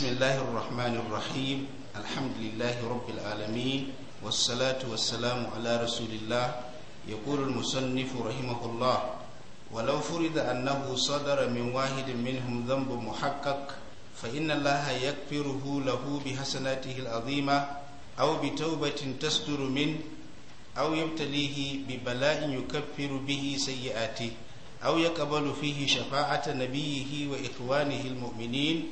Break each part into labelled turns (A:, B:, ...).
A: بسم الله الرحمن الرحيم الحمد لله رب العالمين والصلاة والسلام على رسول الله يقول المصنف رحمه الله ولو فرض أنه صدر من واحد منهم ذنب محقق فإن الله يكفره له بحسناته العظيمة أو بتوبة تصدر منه أو يبتليه ببلاء يكفر به سيئاته أو يقبل فيه شفاعة نبيه وإخوانه المؤمنين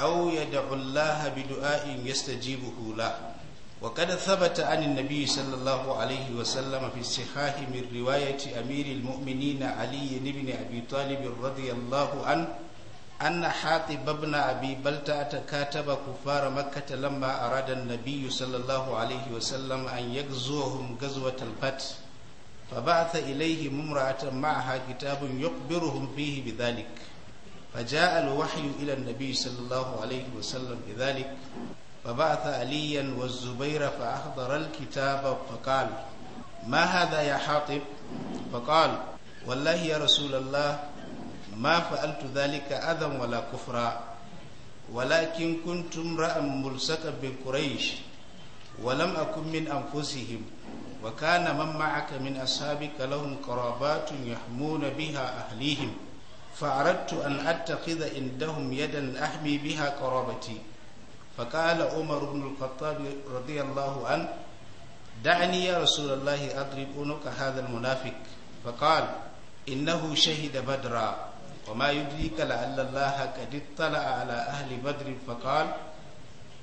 A: أو يدعو الله بدعاء يستجيبه له وقد ثبت عن النبي صلى الله عليه وسلم في الصحاح من رواية أمير المؤمنين علي بن أبي طالب رضي الله عنه أن حاطب بن أبي بلتعة كاتب كفار مكة لما أراد النبي صلى الله عليه وسلم أن يغزوهم غزوة الفتح فبعث إليهم امرأة معها كتاب يخبرهم فيه بذلك فجاء الوحي إلى النبي صلى الله عليه وسلم بذلك فبعث عليا والزبير فأحضر الكتاب فقال ما هذا يا حاطب فقال والله يا رسول الله ما فعلت ذلك أذى ولا كفرا ولكن كنت امرأ ملصقا بقريش ولم أكن من أنفسهم وكان من معك من أصحابك لهم قرابات يحمون بها أهليهم فأردت أن أتخذ عندهم يدا أحمي بها قرابتي فقال عمر بن الخطاب رضي الله عنه دعني يا رسول الله أضرب عنق هذا المنافق فقال إنه شهد بدرا وما يدريك لعل الله قد اطلع على أهل بدر فقال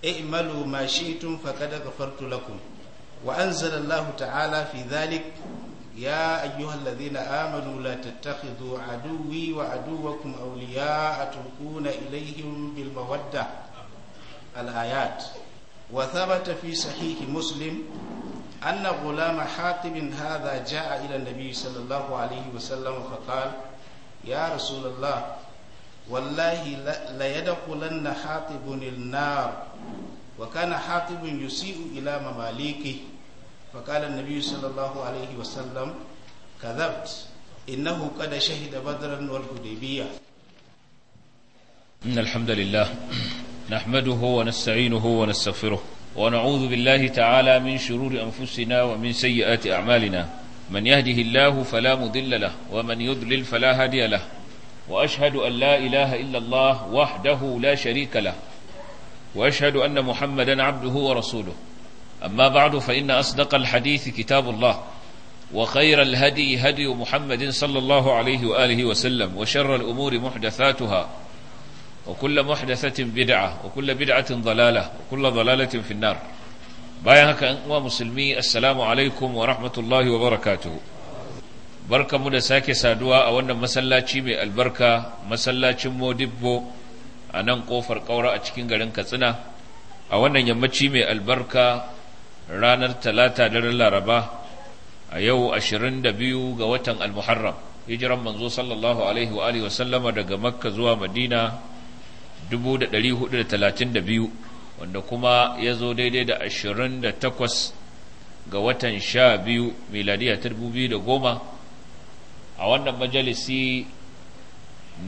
A: اعملوا ما شئتم فقد غفرت لكم وأنزل الله تعالى في ذلك يا أيها الذين آمنوا لا تتخذوا عدوي وعدوكم أولياء تلقون إليهم بالمودة الآيات وثبت في صحيح مسلم أن غلام حاطب هذا جاء إلى النبي صلى الله عليه وسلم فقال يا رسول الله والله ليدخلن حاطب النار وكان حاطب يسيء إلى مماليكه فقال النبي صلى الله عليه وسلم كذبت إنه قد شهد بدرا والحديبية
B: إن الحمد لله نحمده ونستعينه ونستغفره ونعوذ بالله تعالى من شرور أنفسنا ومن سيئات أعمالنا من يهده الله فلا مضل له ومن يضلل فلا هادي له وأشهد أن لا إله إلا الله وحده لا شريك له وأشهد أن محمدا عبده ورسوله أما بعد فإن أصدق الحديث كتاب الله وخير الهدي هدي محمد صلى الله عليه وآله وسلم وشر الأمور محدثاتها وكل محدثة بدعة وكل بدعة ضلالة وكل ضلالة في النار بايهك أنواع مسلمي السلام عليكم ورحمة الله وبركاته بركة مدى ساكي سادوا أولا مسلا شيمي البركة مسلا شمو دبو أنا نقوفر قورا أتشكين غرين كتنا أولا يمتشيمي البركة ranar talata daren laraba a yau biyu ga watan al-muharram hijiran manzo sallallahu alaihi wa alihi wasallama daga makka zuwa madina 1432 wanda kuma ya zo daidai da ashirin takwas ga watan biyu miladiya goma. a wannan majalisi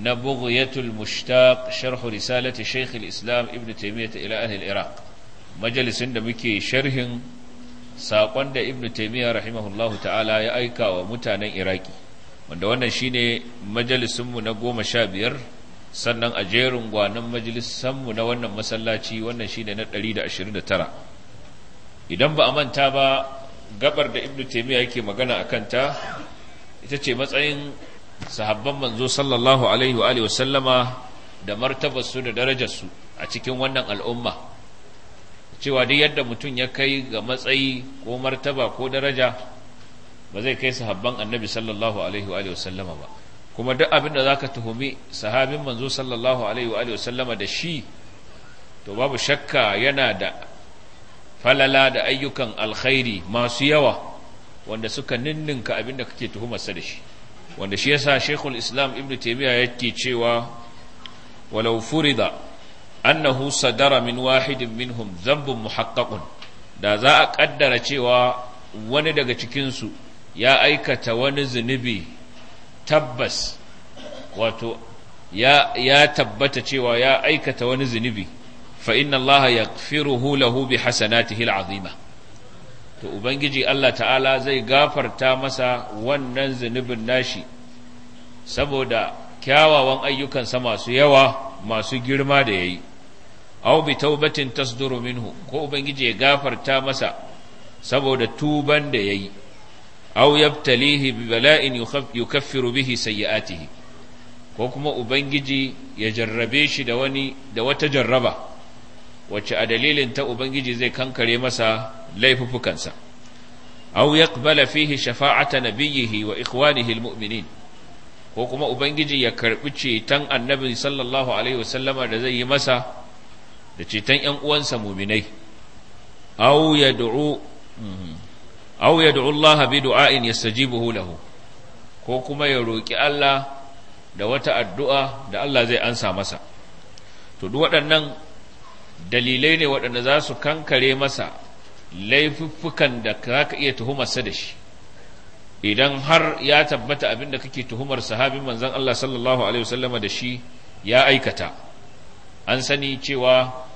B: na bughyatul mushtaq sharh risalati shaykh al-islam ibn taymiyyah ila ahli al-iraq majalisin da muke sharhin saƙon da ibn taimiyya rahimahullahu ta'ala ya aika wa mutanen iraki wanda wannan ne majalisinmu na goma sha biyar sannan a jerin gwanon majalisanmu na wannan masallaci wannan ne na 129 idan ba a manta ba gabar da ibn taimiyya yake magana a kanta ita ce matsayin sahabban manzo sallallahu alaihi wa sallama da martabarsu da darajarsu a cikin wannan al'umma cewa duk yadda mutum ya kai ga matsayi ko martaba ko daraja ba zai kai sahabban annabi sallallahu alaihi wa sallama ba kuma duk abin da zaka tuhumi sahabin manzo sallallahu alaihi wa sallama da shi to babu shakka yana da falala da ayyukan alkhairi masu yawa wanda suka ninninka abin da kake tuhumarsa da shi wanda shi yasa Sheikhul Islam Ibn ya yake cewa walau furida annahu sadara min wahidin minhum zambun muhaqqaqun da za a kaddara cewa wani daga cikinsu ya aikata wani zunubi tabbas wato ya, ya tabbata cewa ya aikata wani zunubi fa inna Allah ya lahu bi hasanatihi al'azima to ubangiji Allah ta'ala zai gafarta masa wannan zunubin nashi saboda kyawawan ayyukansa masu yawa masu girma da ya yi aw bi taubatin tasduru minhu ko ubangiji ya gafarta masa saboda tuban da yayi aw yabtalihi bi bala'in yukaffiru bihi sayyi'atihi ko kuma ubangiji ya jarrabe shi da wani da wata jarraba wacce a dalilin ta ubangiji zai kankare masa laifukansa? aw yaqbala fihi shafa'ata nabiyhi wa ikhwanihi almu'minin ko kuma ubangiji ya karbi ceton annabi sallallahu alaihi wasallama da zai yi masa da ceton ‘yan uwansa muminai, au ya du'u mhm, Allah bi du'a'in ya buhu lahu ko kuma ya roƙi Allah da wata addu'a da Allah zai ansa masa. To, duk waɗannan dalilai ne waɗanda za su kankare masa laifuffukan da za ka iya tuhumarsa da shi. Idan har ya tabbata abin da kake tuhumar sahabin manzan Allah sallallahu Alaihi wasallama da shi ya aikata, an sani cewa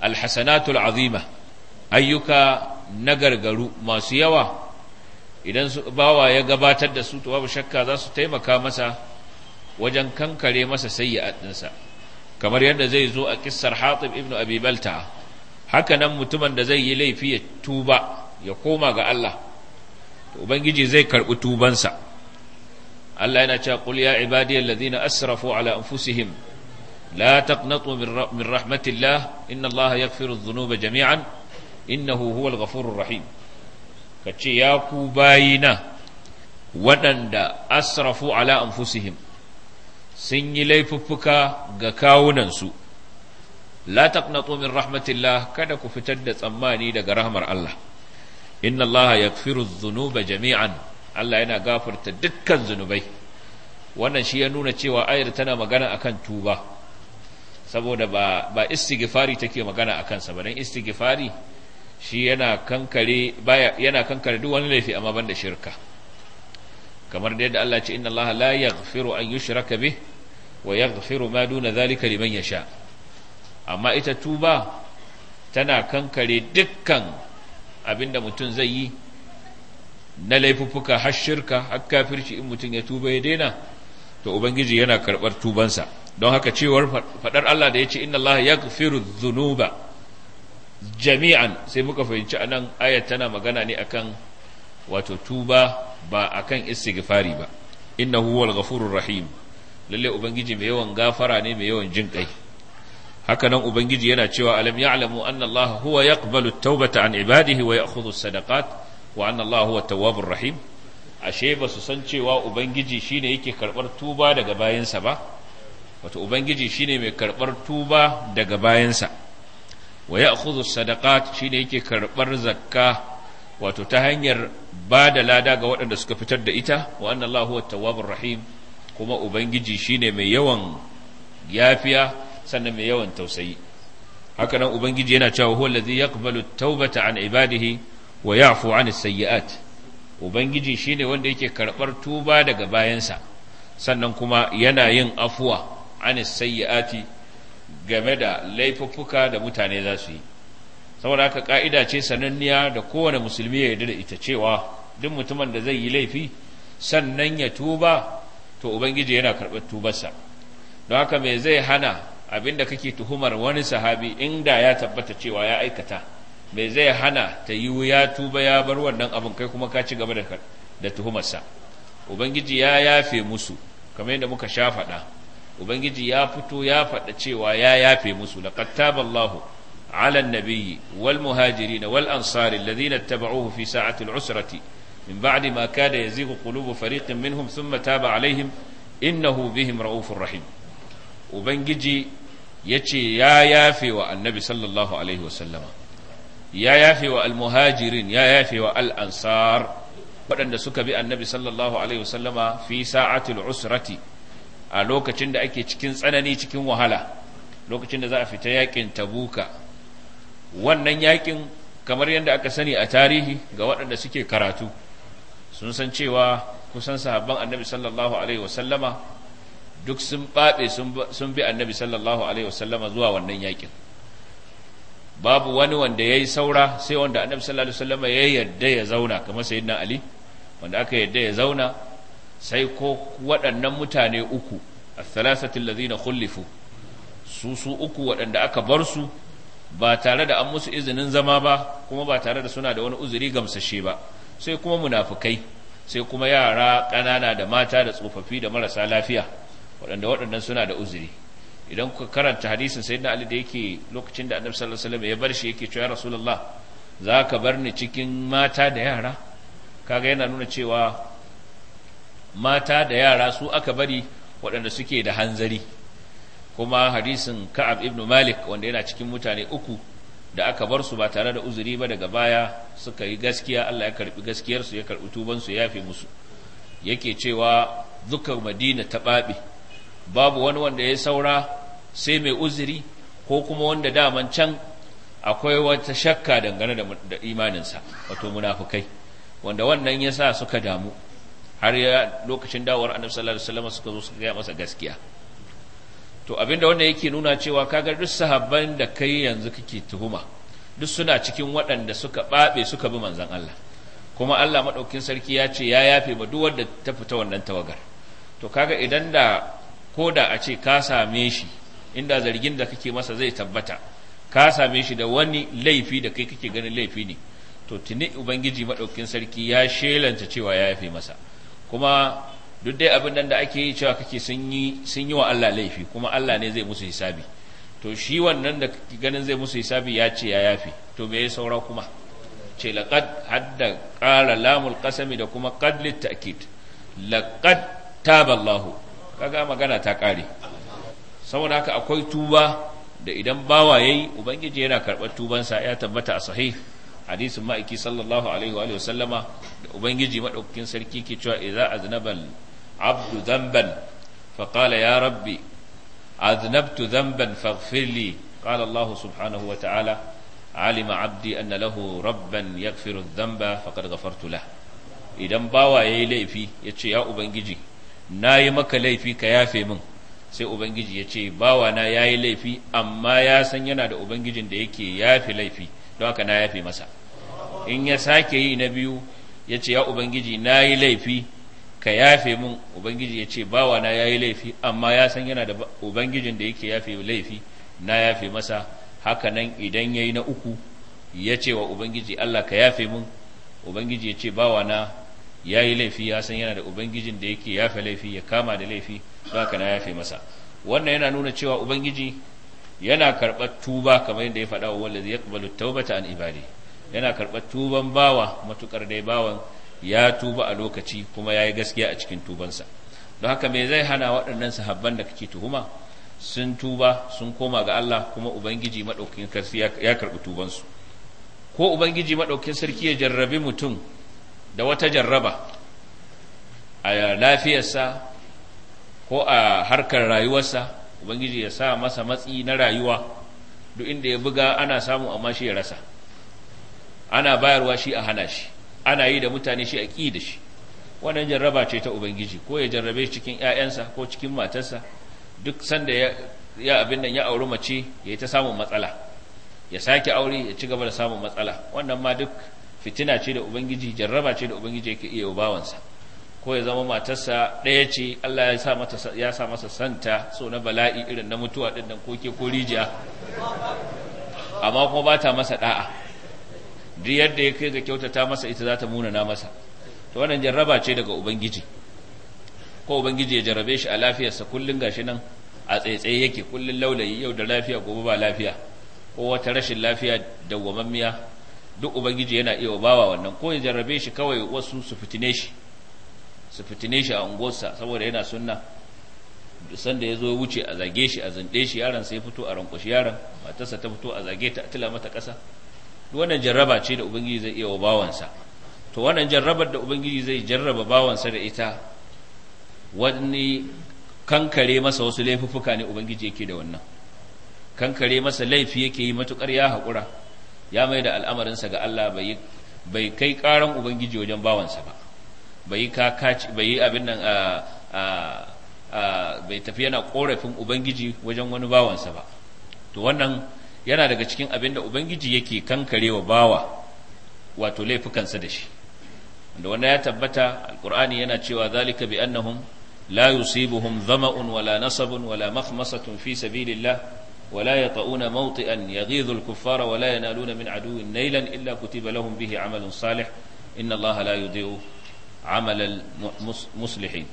B: alhasanatul azima ayyuka na gargaru masu yawa idan bawa ya gabatar da su to babu shakka za su taimaka masa wajen kankare masa sayyi'at ɗinsa kamar yadda zai zo a kissar Hatib ibn Abibalta. haka nan mutumin da zai yi laifi ya tuba ya koma ga Allah to ubangiji zai karbi tubansa Allah yana cewa qul ya ibadiyal ladina asrafu ala anfusihim لا تقنطوا من رحمة الله إن الله يغفر الذنوب جميعا إنه هو الغفور الرحيم كتشي ياكو باينا ودند أسرفوا على أنفسهم سني ليففك غكاونا سوء لا تقنطوا من رحمة الله كذا كفتد أماني دق رحمة الله إن الله يغفر الذنوب جميعا الله ينا غافر تدكا الذنوبي wannan shi ya nuna cewa ayar tana magana akan tuba saboda ba ba istighfari take magana a kansa ba dan istighfari shi yana kankare baya duk wani laifi amma banda shirka kamar da yadda Allah ce inna Allah la yaghfiru an yushraka bih wa yaghfiru ma duna zalika liman yasha amma ita tuba tana kankare dukkan abinda mutum zai yi na laifuffuka har shirka har kafirci in mutum ya tuba ya daina to ubangiji yana karɓar tubansa don haka cewar faɗar Allah da ya ce inna Allah ya zunuba jami'an sai muka fahimci a nan tana magana ne akan wato tuba ba akan istighfari ba inna huwal ghafurur rahim lalle ubangiji mai yawan gafara ne mai yawan jin kai haka nan ubangiji yana cewa alam ya'lamu anna Allah huwa yaqbalu at-taubata an ibadihi wa ya'khudhu as-sadaqat wa anna Allah huwa at-tawwabur rahim ashe ba su san cewa ubangiji shine yake karbar tuba daga bayinsa ba wato ubangiji shine mai karɓar tuba daga bayansa wa ya'khudhu sadaqat shine yake karɓar zakka wato ta hanyar ba da lada ga waɗanda suka fitar da ita wa anna Allahu huwa tawwabur rahim kuma ubangiji shine mai yawan yafiya sannan mai yawan tausayi haka nan ubangiji yana cewa huwa allazi yaqbalu tawbata taubata an ibadihi wa ya'fu an sayyi'at ubangiji shine wanda yake karɓar tuba daga bayansa sannan kuma yana yin afuwa anis sayyi'ati game da laifuffuka da mutane za su yi saboda haka ka'ida ce sananniya da kowane musulmi ya yarda ita cewa duk mutumin da zai yi laifi sannan ya tuba to ubangiji yana karɓar tubarsa don haka me zai hana abinda kake tuhumar wani sahabi inda ya tabbata cewa ya aikata me zai hana ta yi ya tuba ya bar wannan abin kai kuma ka ci gaba da tuhumarsa ubangiji ya yafe musu kamar yadda muka sha faɗa ubangiji ya fito ya faɗa cewa ya yafe musu da taballahu ala nabiyyi wal na wal ansari alladhina taba'uhu fi sa'ati al-usrati min ba'di ma kada yazighu qulubu fariqin minhum thumma taba alaihim innahu bihim ra'ufun rahim ubangiji yace ya yafe wa annabi sallallahu alaihi wasallama ya yafe wa al-muhajirin ya yafe wa al-ansar waɗanda suka bi annabi sallallahu alaihi wasallama fi sa'atul usrati a lokacin da ake cikin tsanani cikin wahala lokacin da za a fita yakin tabuka wannan yakin kamar yadda aka sani a tarihi ga waɗanda suke karatu sun san cewa kusan sahabban annabi sallallahu alaihi wasallama duk sun ɓaɓe sun bi annabi sallallahu alaihi wasallama zuwa wannan yakin babu wani wanda ya yi saura sai wanda annabi sallallahu alaihi wasallama ya yarda ya zauna kamar sayyidina ali wanda aka yarda ya zauna sai ko waɗannan mutane uku a athalasatul na khulifu su su uku waɗanda aka bar su ba tare da an musu izinin zama ba kuma ba tare da suna da wani uzuri gamsashe ba sai kuma munafukai sai kuma yara ƙanana da mata da tsofaffi da marasa lafiya waɗanda waɗannan suna da uzuri idan kuka karanta hadisin sayyidina ali da yake lokacin da annabi sallallahu alaihi wasallam ya bar shi yake cewa rasulullah zaka ka bar ni cikin mata da yara kaga yana nuna cewa mata da yara su aka bari waɗanda suke da hanzari kuma hadisin ka'ab ibn malik wanda yana cikin mutane uku da aka bar su ba tare da uzuri ba daga baya suka yi gaskiya Allah ya karbi gaskiyarsu ya karbi tubansu ya fi musu yake cewa dukkan madina ta babe babu wani wanda ya saura sai mai uzuri ko kuma wanda daman can akwai wata shakka dangane da imaninsa wato munafukai wanda wannan ya sa suka damu har ya lokacin dawowar annabi sallallahu alaihi wasallam suka zo suka gaya masa gaskiya to abinda wanda yake nuna cewa kaga duk sahabban da kai yanzu kake tuhuma duk suna cikin waɗanda suka babe suka bi manzon Allah kuma Allah madaukin sarki ya ce ya yafe ba duk wanda ta fita wannan tawagar to kaga idan da koda a ce ka same shi inda zargin da kake masa zai tabbata ka same shi da wani laifi da kai kake ganin laifi ne to tuni ubangiji madaukin sarki ya shelanta cewa ya yafe masa kuma duk dai abin nan da ake yi cewa kake sun yi sun yi wa Allah laifi kuma Allah ne zai musu hisabi to shi wannan da ganin zai musu hisabi ya ce ya yafi to me ya saura kuma ce laqad hadda qala lamul qasami da kuma qad lit ta'kid laqad taba Allah kaga magana ta kare saboda haka akwai tuba da idan bawa yayi ubangiji yana karɓar tubansa ya tabbata a sahih hadisin ma'aiki sallallahu alaihi wa sallama da ubangiji madaukakin sarki ke cewa idza aznabal abdu dhanban fa qala ya rabbi aznabtu dhanban faghfir li qala allah subhanahu wa ta'ala alima abdi anna lahu rabban yaghfiru dhanba faqad ghafartu lah idan bawa yayi laifi yace ya ubangiji nayi maka laifi ka yafe min sai ubangiji ya ce na ya yi laifi amma ya san yana da ubangijin da yake yafi laifi don haka na yafe masa in ya sake yi na biyu ya ce ya ubangiji na yi laifi ka yafe mun ubangiji ya ce bawa na ya yi laifi amma ya san yana da ubangijin da yake yafe laifi na yafe masa hakanan idan ya yi na uku ya ce wa ubangiji allah ka yafe mun ubangiji ya ce bawa na ya yi laifi ya san yana da ubangijin da yake yafe laifi ya kama da laifi ba ka na yafe masa wannan yana nuna cewa ubangiji yana karɓar tuba kamar yadda ya faɗa wa zai yaqbalu tawbata an ibadi yana karɓar tuban bawa matukar dai bawan ya tuba a lokaci kuma ya yi gaskiya a cikin tubansa don haka me zai hana waɗannan sahabban da kake tuhuma sun tuba sun koma ga Allah kuma ubangiji maɗaukin sarki ya karɓi tubansu ko ubangiji maɗaukin sarki ya jarrabi mutum da wata jarraba a lafiyarsa ko a harkar rayuwarsa ubangiji ya sa masa matsi na rayuwa duk inda ya buga ana samu amma shi ya rasa ana bayarwa shi a hana shi ana yi da mutane shi a ƙi da shi wannan jarraba ce ta ubangiji ko ya jarrabe cikin 'ya'yansa ko cikin matarsa duk sanda ya ya abin nan ya auri mace ya ta samun matsala ya sake aure ya ci gaba da samun matsala wannan ma duk fitina ce da ubangiji jarraba ce da ubangiji yake iya bawansa ko ya zama matarsa ɗaya ce Allah ya sa mata ya sa masa santa so na bala'i irin na mutuwa ɗin nan ko ke ko rijiya amma kuma ba ta masa ɗa'a. duk yadda ya kai ga kyautata masa ita za ta munana masa to wannan jarraba ce daga ubangiji ko ubangiji ya jarrabe shi a lafiyarsa kullun gashi nan a tsaitsaye yake kullun laulayi yau da lafiya gobe ba lafiya ko wata rashin lafiya da dawwamammiya duk ubangiji yana iya bawa wannan ko ya jarrabe shi kawai wasu su fitine shi su fitine shi a unguwarsa saboda yana sunna sanda ya zo wuce a zage shi a zinde shi yaran sai fito a rankwashi yaran matarsa ta fito a zage ta a tila mata ƙasa wannan jarraba ce da ubangiji zai iya wa bawansa to wannan jarrabar da ubangiji zai jarraba bawansa da ita wani kankare masa wasu laifuffuka ne ubangiji yake da wannan kankare masa laifi yake yi matukar ya haƙura ya mai da al'amarinsa ga Allah bai kai ƙaran ubangiji wajen bawansa ba bai yi abin nan bai tafi yana ƙorafin ubangiji wajen wani bawansa ba to wannan yana daga cikin abin da ubangiji yake kankarewa bawa wato laifukansa da shi da wanda ya tabbata alkur'ani yana cewa zalika bi annahum la yusibuhum zama'un wala nasabun wala makhmasatun fi sabilillah ولا يطؤون موطئا يغيظ الكفار ولا ينالون من عدو نيلا إلا كتب لهم به عمل صالح إن الله لا يضيع عمل المصلحين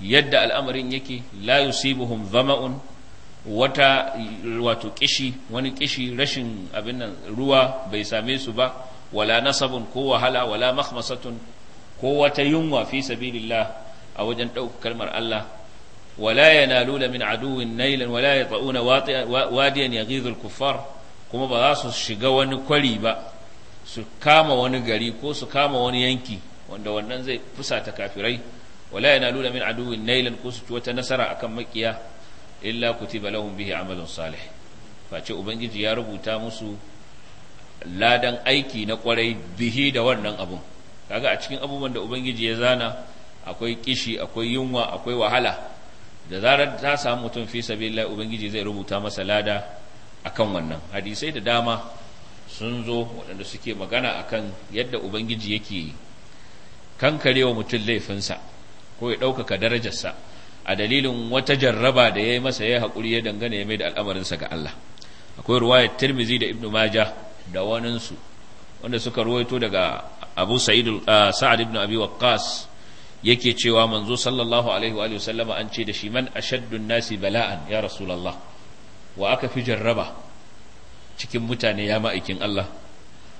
B: yadda al'amarin yake la yusibuhum zama'un wata wato kishi wani kishi rashin abin nan ruwa bai same su ba wala nasabun ko wahala wala makhmasatun ko wata yunwa fi sabilillah a wajen ɗaukar kalmar Allah wala yanaluna min aduwin nailan wala yatauna wadiyan yaghidhu al-kuffar kuma ba za su shiga wani kwari ba su kama wani gari ko su kama wani yanki wanda wannan zai fusata kafirai wala yanaluna min aduwwin nailan ko su ci wata nasara akan makiya illa kutiba balawun bihi amalun salih face ubangiji ya rubuta musu ladan aiki na kwarai bihi da wannan abun kaga a cikin abubuwan da ubangiji ya zana akwai kishi akwai yunwa akwai wahala da zarar ta samu mutum fi sabilillah ubangiji zai rubuta masa lada akan wannan hadisai da dama sun zo waɗanda suke magana akan yadda ubangiji yake kankarewa mutum laifinsa ko ya ɗaukaka darajarsa a dalilin wata jarraba da ya yi masa ya haƙuri ya dangane ya mai da al'amarinsa ga Allah akwai ruwayar tirmizi da ibnu maja da waninsu wanda suka ruwaito daga abu ah, sa'ad ibn abi waqqas yake cewa manzo sallallahu alaihi wa sallama an ce da shi man ashaddu nasi bala'an ya rasulullah wa aka fi jarraba cikin mutane ya ma'aikin Allah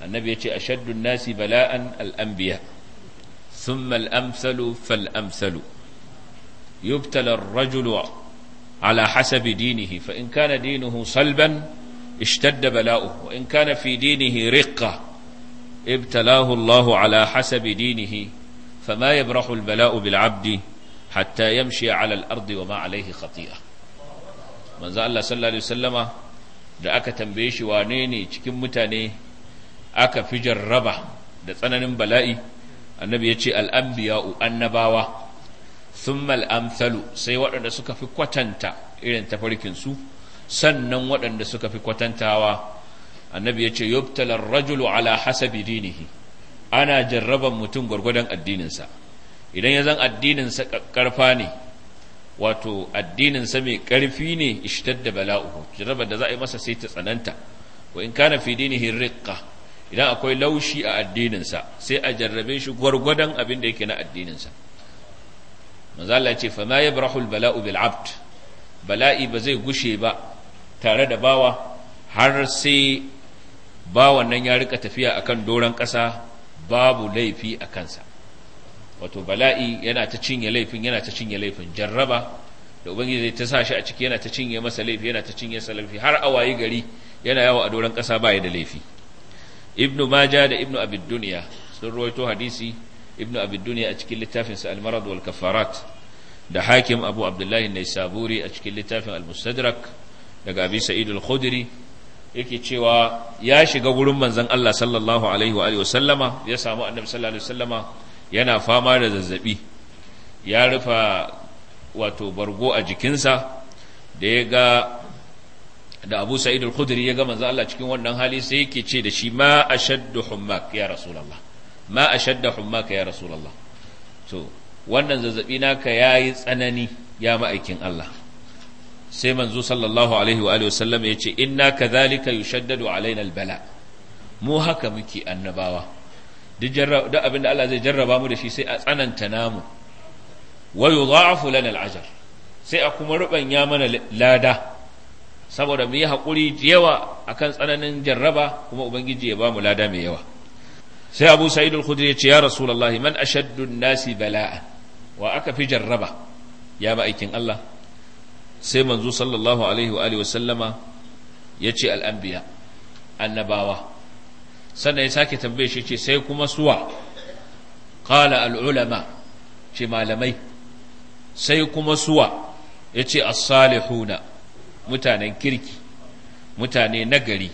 B: annabi ya ce ashaddu nasi bala'an al-anbiya' ثم الأمثل فالأمثل يبتلى الرجل على حسب دينه فإن كان دينه صلبا اشتد بلاؤه وإن كان في دينه رقة ابتلاه الله على حسب دينه فما يبرح البلاء بالعبد حتى يمشي على الأرض وما عليه خطيئة من زال الله صلى الله عليه وسلم da aka tambaye shi wane ne cikin mutane aka fi jarraba da tsananin bala'i annabi ya ce al'ambiya'u annabawa sun amsalu sai waɗanda suka fi kwatanta irin tafarkinsu sannan waɗanda suka fi kwatantawa annabi ya ce yubtalar rajulu ala hasabi dinihi ana jarraban mutum gwargwadon addininsa idan ya zan addininsa ƙarfa ne wato addininsa mai ƙarfi ne da bala'u jarrabar da za a yi masa sai ta tsananta wa in kana fi dinihin riƙa. idan akwai laushi a addininsa sai a jarrabe shi gwargwadon abin da yake na addininsa manzala ce fa ma yabrahu bala'u bil abd bala'i ba zai gushe ba tare da bawa har sai bawan nan ya rika tafiya akan doron ƙasa babu laifi a kansa wato bala'i yana ta cinye laifin yana ta cinye laifin jarraba da ubangiji zai ta sa shi a ciki yana ta cinye masa laifi yana ta cinye masa laifi har awayi gari yana yawo a doron ƙasa ba ya da laifi ibnu maja da ibnu abid duniya sun ruwaito hadisi ibnu abid duniya a cikin littafin sa al-marad wal kafarat da hakim abu abdullahi naisaburi a cikin littafin al-mustadrak daga abi sa'id al-khudri yake cewa ya shiga wurin manzon Allah sallallahu alaihi wa sallama ya samu annabi sallallahu alaihi wasallama yana fama da zazzabi ya rufa wato bargo a jikinsa da ya ga da Abu Sa'id al-Khudri ya ga manzo Allah cikin wannan hali sai yake ce da shi ma ashaddu hummak ya rasulullah ma ashaddu hummak ya rasulullah to wannan zazzabi naka yayi tsanani ya ma'aikin Allah sai manzo sallallahu alaihi wa alihi wasallam ya ce inna kadhalika yushaddadu alaina al-bala mu haka muke annabawa duk duk abinda Allah zai jarraba mu da shi sai a tsananta namu wa yudha'afu lana al-ajr sai a kuma rubanya mana lada saboda mu yi haƙuri da yawa akan tsananin jarraba kuma ubangiji ya ba mu lada mai yawa sai abu sa'id al-khudri ya ce ya rasulullah man ashaddu nasi bala'a wa aka fi jarraba ya ba aikin Allah sai manzo sallallahu alaihi wa alihi sallama ya ce al annabawa sannan ya sake tambaye shi ce sai kuma suwa qala al'ulama. ce malamai sai kuma suwa yace as-salihuna mutanen kirki mutane nagari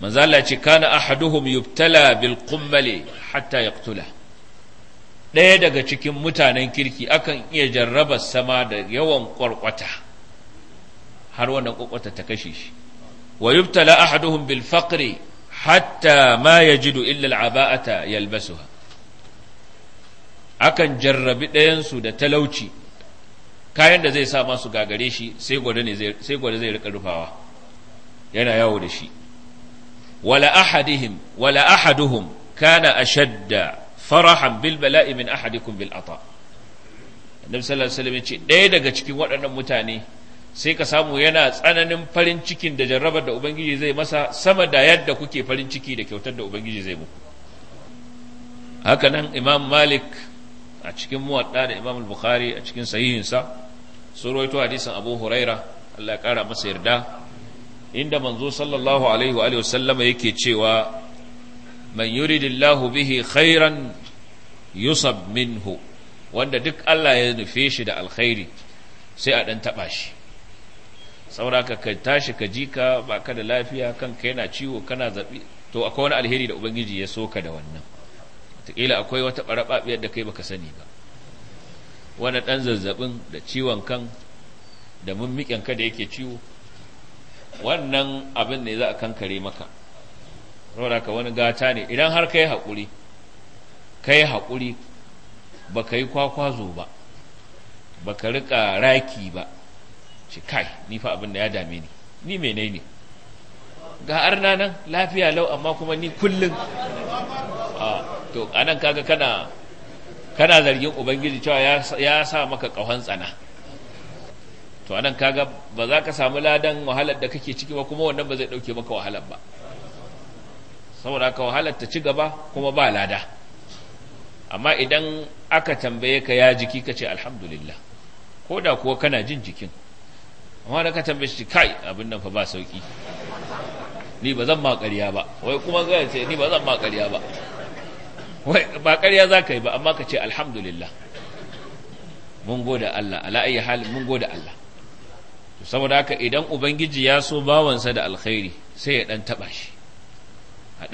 B: manzo ce kana ahaduhum yubtala bil kummale hatta yaqtula ɗaya daga cikin mutanen kirki akan iya jarrabar sama da yawan ƙwarƙwata har wannan kwarkwata ta kashe shi wa yubtala ahaduhum bil faqri hatta ma yajidu illa al aba'ata yalbasuha akan jarrabi ɗayansu da talauci kayan da zai sa masu gagare shi sai gwada zai rika rufawa yana yawo da shi wala ahadihim wala ahaduhum kana ashadda farahan bil bala'i min ahadikum bil ata annabi sallallahu alaihi wasallam ya ce ɗaya daga cikin waɗannan mutane sai ka samu yana tsananin farin cikin da jarrabar da ubangiji zai masa sama da yadda kuke farin ciki da kyautar da ubangiji zai muku haka nan imam malik a cikin muwadda da imam bukhari a cikin sahihinsa sun rawaito hadisin abu huraira Allah ya kara masa yarda inda manzo sallallahu alaihi wa sallama yake cewa man yuridillahu bihi khairan yusab minhu wanda duk Allah ya nufe shi da alkhairi sai a dan taba shi sauraka ka tashi ka ji ka baka da lafiya kanka yana ciwo kana zabi to akwai wani alheri da ubangiji ya soka da wannan wataƙila akwai wata ɓaraɓaɓiyar da kai baka sani ba wani ɗan zazzabin da ciwon kan da mummikin ka da yake ciwo wannan abin ne za a kankare maka saboda ka wani gata ne idan har ka yi haƙuri ka yi haƙuri ba ka yi kwakwazo ba ba ka riƙa raki ba ce kai ni abin da ya dame ni ni mene ne ga arna nan lafiya lau amma kuma ni kullum ah, to anan kaga kana kana zargin ubangiji cewa ya sa maka kahon tsana to anan kaga ba za ka samu ladan wahalar da kake ciki ba kuma wannan ba zai ɗauke maka wahalar ba saboda ka wahalar ta ci gaba kuma ba lada amma idan aka tambaye ka ya jiki ka ce alhamdulillah ko da kuwa kana jin jikin amma da ka tambaye shi kai abin nan fa ba sauki ni ba zan ma ƙarya ba wai kuma zai ce ni ba zan ma ƙarya ba ba ƙarya za ka yi ba amma ka ce alhamdulillah mun gode Allah ala ayi mun gode Allah saboda haka idan ubangiji ya so bawansa da alkhairi sai ya dan taba shi a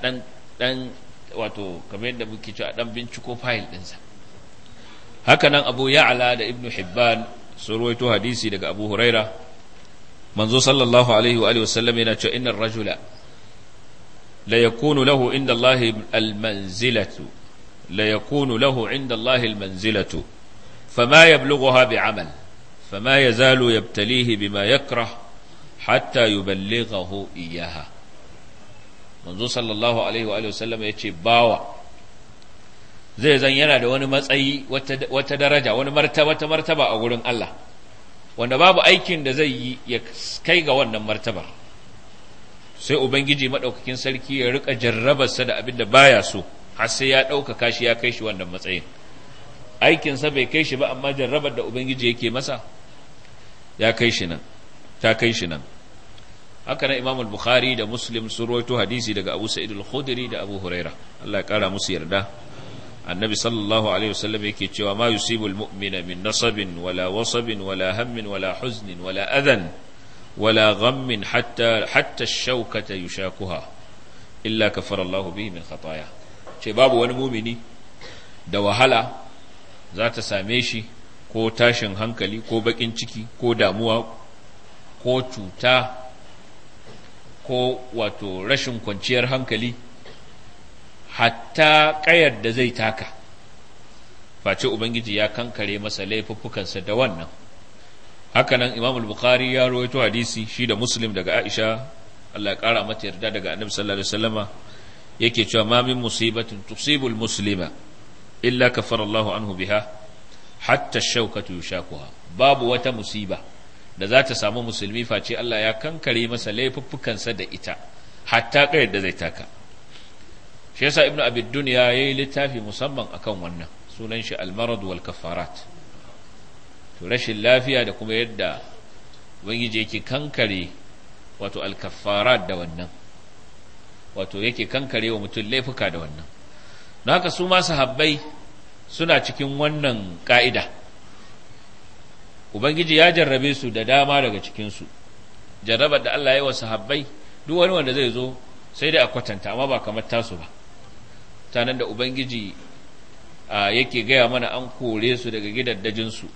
B: dan dan wato kamar yadda muke cewa dan binciko fayil dinsa haka nan Abu ya Ya'la da Ibnu Hibban su ruwaito hadisi daga Abu Huraira manzo sallallahu alaihi wa alihi wasallam yana cewa innar rajula la yakunu lahu inda Allah almanzilatu la yakunu inda Allah almanzilatu fama yablughuha bi'amal fama yazalu yabtalihi bima yakrah hatta yuballighahu iyyaha manzo sallallahu alaihi wa sallam yace bawa zai zan yana da wani matsayi wata daraja wani martaba wata martaba a gurin Allah wanda babu aikin da zai yi ya kai ga wannan martabar sai ubangiji madaukakin sarki ya rika jarrabarsa da abin da baya so har sai ya ɗaukaka shi ya kai shi wannan matsayin aikinsa bai kai shi ba amma jarrabar da ubangiji yake masa ya kai shi nan ta kai shi nan haka nan imam bukhari da muslim sun rawaito hadisi daga abu sa'id al-khudri da abu huraira Allah ya kara musu yarda annabi sallallahu alaihi wasallam yake cewa ma yusibul mu'mina min nasabin wala wasabin wala hammin wala huznin wala adhan wala ghammin hatta hatta shaukata yushakuha illa kafara Allah bihi min khataya ce babu wani mumini da wahala za ta same shi ko tashin hankali ko baƙin ciki ko damuwa ko cuta ko wato rashin kwanciyar hankali hatta kayar da zai taka face ubangiji ya kankare masa laifuffukansa da wannan hakanan imam al-bukhari ya rawaito hadisi shi da muslim daga aisha Allah ya kara mata yarda daga annabi sallallahu alaihi wasallama yake cewa ma min musibatin tusibul muslima illa kafara Allah anhu biha hatta shaukatu yushakuha babu wata musiba da za ta samu musulmi face Allah ya kankare masa laifuffukansa da ita hatta kai da zai taka shi yasa ibnu abi dunya yayi littafi musamman akan wannan sunan shi al-marad wal kafarat to rashin lafiya da kuma yadda ubangiji yake kankare wato alkafarat da wannan wato yake kankare wa mutum laifuka da wannan don haka su masu sahabbai suna cikin wannan ka'ida ubangiji ya jarrabe su da dama daga cikinsu jarrabar da Allah ya yi wa sahabbai duk wani wanda zai zo sai dai a kwatanta amma ba kamar tasu ba tanan da ubangiji yake gaya mana an kore su daga gidan su.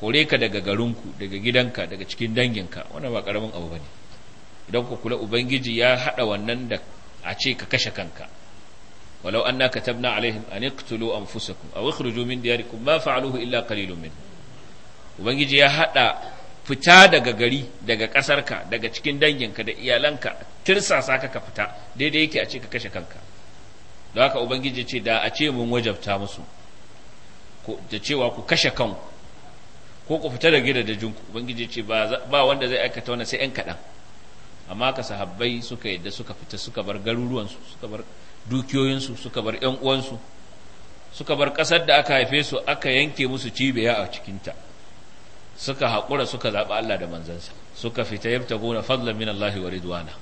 B: kore ka daga garinku daga gidanka daga cikin danginka wannan ba karamin abu bane idan ku kula ubangiji ya hada wannan da a ce ka kashe kanka walau anna katabna alaihim an iqtulu anfusakum aw ikhruju min diyarikum ma fa'aluhu illa qalilun min ubangiji ya hada fita daga gari daga kasarka daga cikin danginka da iyalanka tirsasa ka ka fita daidai yake a ce ka kashe kanka don haka ubangiji ce da a ce mun wajabta musu da cewa ku kashe kanku ko ku fita daga gidajen ku ubangiji ce ba wanda zai aikata wannan sai ɗan kaɗan amma ka sahabbai suka yadda suka fita suka bar garuruwansu suka bar dukiyoyinsu suka bar yan uwansu suka bar ƙasar da aka haife su aka yanke musu cibiya a cikinta suka haƙura suka zaɓi Allah da manzansa suka fita gona fadlan min Allah wa ridwana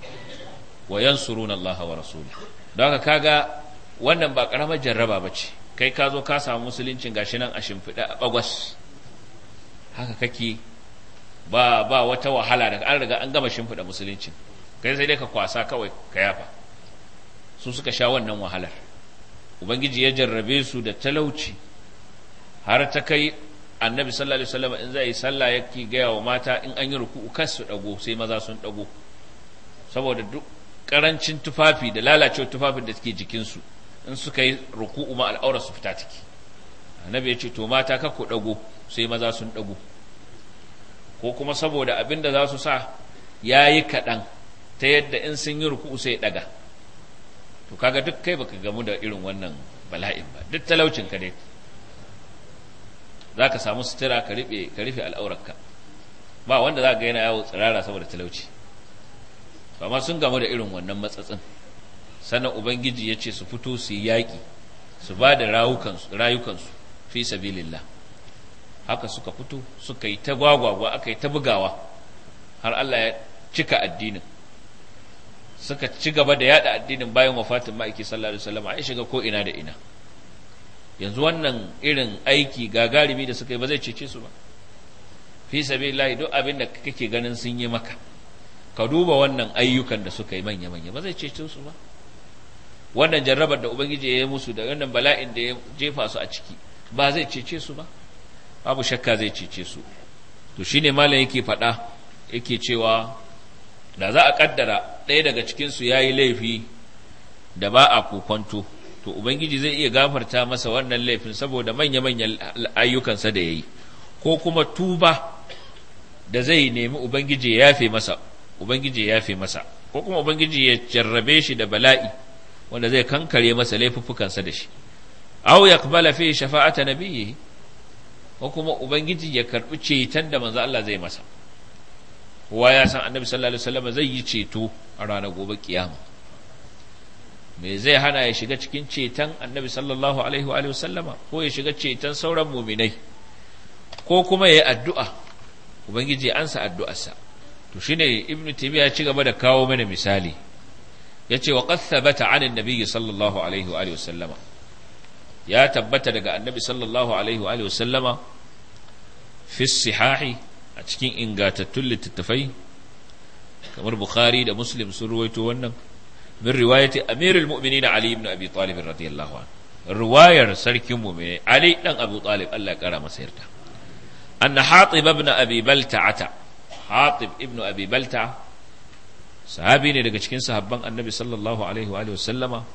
B: wa yansuruna Allah wa rasuli don haka kaga wannan ba ƙaramar jarraba bace kai ka zo ka samu musuluncin gashi nan a shimfiɗa a bagwas haka kake ba ba wata wahala daga an riga an gama shimfiɗa musuluncin kai sai dai ka kwasa kawai ka yafa su suka sha wannan wahalar ubangiji ya jarrabe su da talauci har ta kai annabi sallallahu alaihi wasallam in zai yi sallah yake gaya wa mata in an yi ruku'u kas su dago sai maza sun dago saboda duk karancin tufafi da lalacewa tufafin da suke jikinsu in suka yi ruku'u ma al'aurar su fita ciki annabi ya ce to mata ka ku dago sai maza sun dago ko kuma saboda abin da za su sa ya yi kaɗan ta yadda in sun yi ruku sai ɗaga, to kaga duk kai baka gamu da irin wannan bala'in ba duk talaucin ka dai za ka samu sutura ka rufe al'aurarka ba wanda za ka yana yawo tsirara saboda talauci amma sun gamu da irin wannan matsatsin sannan ubangiji ya ce su fito su yi yaƙi su ba da rayukansu fi sabilillah haka suka fito suka yi ta gwagwagwa aka yi ta bugawa har Allah ya cika addinin suka ci gaba da yada addinin bayan wafatin ma'aiki sallallahu alaihi wasallam a shiga ko ina da ina yanzu wannan irin aiki gagarumi da suka yi ba zai cece su ba fi sabilillah duk abin da kake ganin sun yi maka ka duba wannan ayyukan da suka yi manya manya ba zai cece su ba wannan jarrabar da ubangiji ya yi musu da wannan bala'in da ya jefa su a ciki ba zai cece su ba babu shakka zai cece su to shine malam yake faɗa yake cewa da za a kaddara ɗaya daga cikin su yayi laifi da ba a kokonto to ubangiji zai iya gafarta masa wannan laifin saboda manya-manyan ayyukansa da yayi ko kuma tuba da zai nemi ubangiji ya yafe masa ubangiji ya yafe masa ko kuma ubangiji ya jarrabe shi da bala'i wanda zai kankare masa laifuffukansa da shi aw yaqbala fi shafa'ata nabiyhi ko kuma ubangiji ya karɓi cetan da manza Allah zai masa kowa ya san annabi sallallahu alaihi zai yi ceto a ranar gobe kiyama me zai hana ya shiga cikin cetan annabi sallallahu alaihi wa sallama ko ya shiga cetan sauran muminai ko kuma ya yi addu'a ubangiji ya ansa addu'arsa to shine ibnu taymiya ya ci gaba da kawo mana misali yace wa qad thabata 'ala an-nabiy sallallahu alaihi wa sallama ya tabbata daga annabi sallallahu alaihi wa sallama fi sihahi a cikin ingatattun littattafai kamar bukhari da muslim sun ruwaito wannan min riwayati amirul mu'minin ali ibn abi talib radiyallahu anhu riwayar sarkin mu'mini ali dan abu talib Allah ya kara masa yarda anna hatib ibn abi balta'ata hatib ibn abi balta'a sahabi ne daga cikin sahabban annabi sallallahu alaihi wa sallama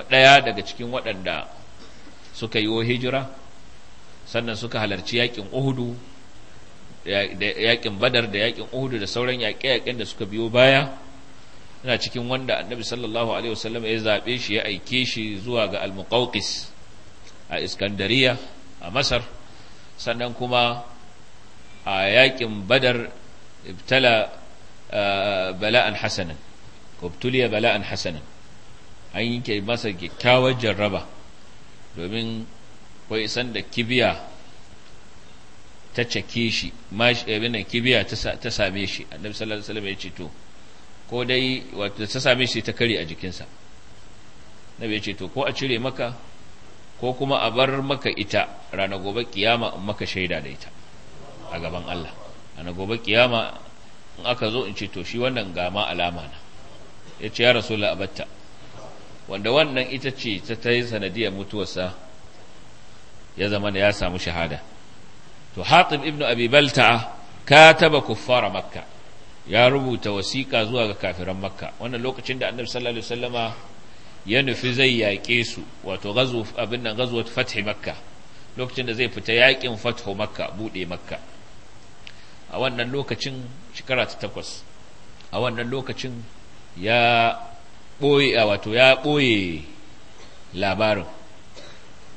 B: ɗaya daga cikin waɗanda suka yi hijira sannan suka halarci yakin uhudu yakin badar da yakin uhudu da sauran yaƙe-yaƙen da suka biyo baya yana cikin wanda annabi sallallahu alaihi wasallam ya zaɓe shi ya aike shi zuwa ga almuqawqis a iskandariya a masar sannan kuma a yaƙin badar ibtala eh, bala'an hasanan ko bala'an hasanan an yi ke masa kyakkyawar jarraba domin kwai san da kibiya ta cake shi eh, na kibiya ta same shi annabi sallallahu alaihi wasallam ya ce to ko dai wato ta same shi ta kare a jikinsa nabi ya ce to ko a cire maka ko kuma a bar maka ita ranar gobe kiyama in maka shaida da ita a gaban Allah ranar gobe kiyama in aka zo in ce to shi wannan gama alama na ya ce ya rasu la'abatta wanda wannan ita ce ta ta yi sanadiyar mutuwarsa ya zama da ya samu shahada to hatib ibnu abi ka kataba kuffara makka ya rubuta wasiƙa zuwa ga kafiran makka wannan lokacin da annabi sallallahu alaihi wasallama ya nufi zai yaƙe su wato gazu abin nan gazuwat fathi makka lokacin da zai fita yaƙin fathu makka buɗe makka a wannan lokacin shekara ta takwas a wannan lokacin ya ɓoye a wato ya ɓoye labarin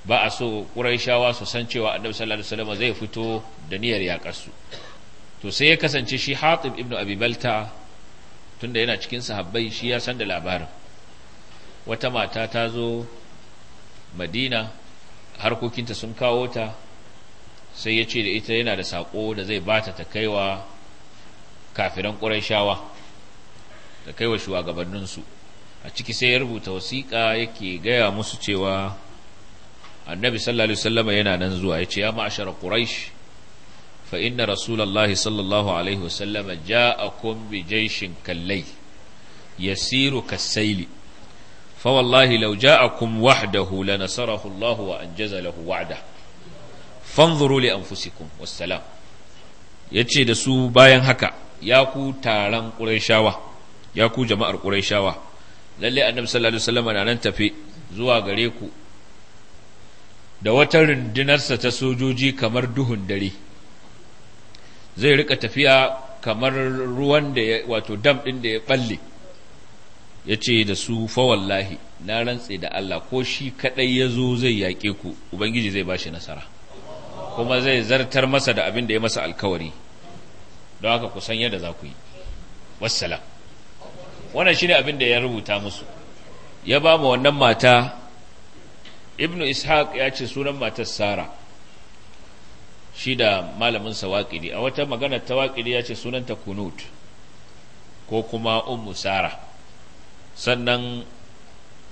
B: ba a so ƙuraishawa su san cewa annabi sallallahu alaihi zai fito da niyyar yaƙarsu to sai ya kasance shi haɗin ibnu abi balta tunda yana cikin sahabbai shi ya san da labarin wata mata ta zo madina harkokinta sun kawo ta sai ya ce da ita yana da saƙo da zai bata ta kaiwa kafiran ƙuraishawa ta kaiwa shugabanninsu a ciki sai ya rubuta wasiƙa yake gaya musu cewa annabi sallallahu alaihi wasallam yana nan zuwa yace ya ma'ashara quraish fa inna rasulullahi sallallahu alaihi wasallam ja'akum bi jayshin kallai yasiru kasaili fa wallahi law ja'akum wahdahu lanasarahu Allah wa anjaza lahu wa'da fanzuru li anfusikum wassalam yace da su bayan haka ya ku taron qurayshawa ya ku jama'ar qurayshawa lalle annabi sallallahu alaihi wasallam na nan tafi zuwa gare ku da wata rundunarsa ta sojoji kamar duhun dare zai rika tafiya kamar ruwan da wato dam ɗin da ya balle ya ce da su fa wallahi na rantse da Allah ko shi kaɗai ya zo zai yaƙe ku Ubangiji zai bashi nasara kuma zai zartar masa da abin da ya masa alkawari don haka ku san yadda za ku yi wassalam wannan ne abin da ya rubuta musu ya ba mu wannan mata ibnu ishaq ya ce sunan matar sara shi da malamin sawaƙiri a wata magana ta waƙiri ya ce sunanta kunut ko kuma ummu sara sannan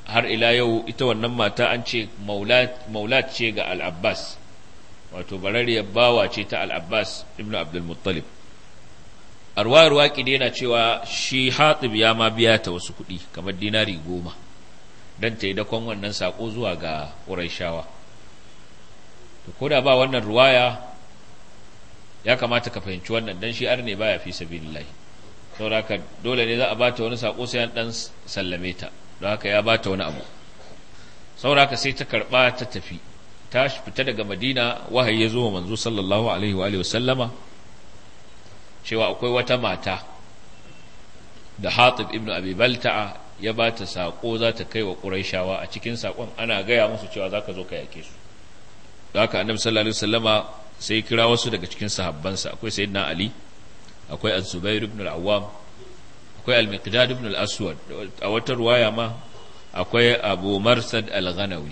B: har ila yau ita wannan mata an ce maulat ce ga al'abbas wato barariyar bawa ce ta al'abbas ibnu abdulmuttalib arwayar waƙi yana cewa shi hatib ya ma biya ta wasu kuɗi kamar dinari goma don ta yi dakon wannan saƙo zuwa ga ƙuraishawa to ko da ba wannan ruwaya ya kamata ka fahimci wannan don shi arne baya fi sabilillahi saboda haka dole ne za a bata wani saƙo sai an ɗan sallame ta don haka ya bata wani abu sauraka haka sai ta karɓa ta tafi ta fita daga madina wahayi ya zo manzo sallallahu alaihi wa sallama cewa akwai wata mata da hatib ibn abi balta'a ya ba ta saƙo za ta kai wa ƙuraishawa a cikin saƙon ana gaya musu cewa za ka zo ka yake su haka annabi sallallahu alaihi wasallama sai kira wasu daga cikin sahabbansa akwai sayyidina ali akwai az-zubair ibn al-awwam akwai al-miqdad ibn al-aswad a wata ruwaya ma akwai abu marsad al-ghanawi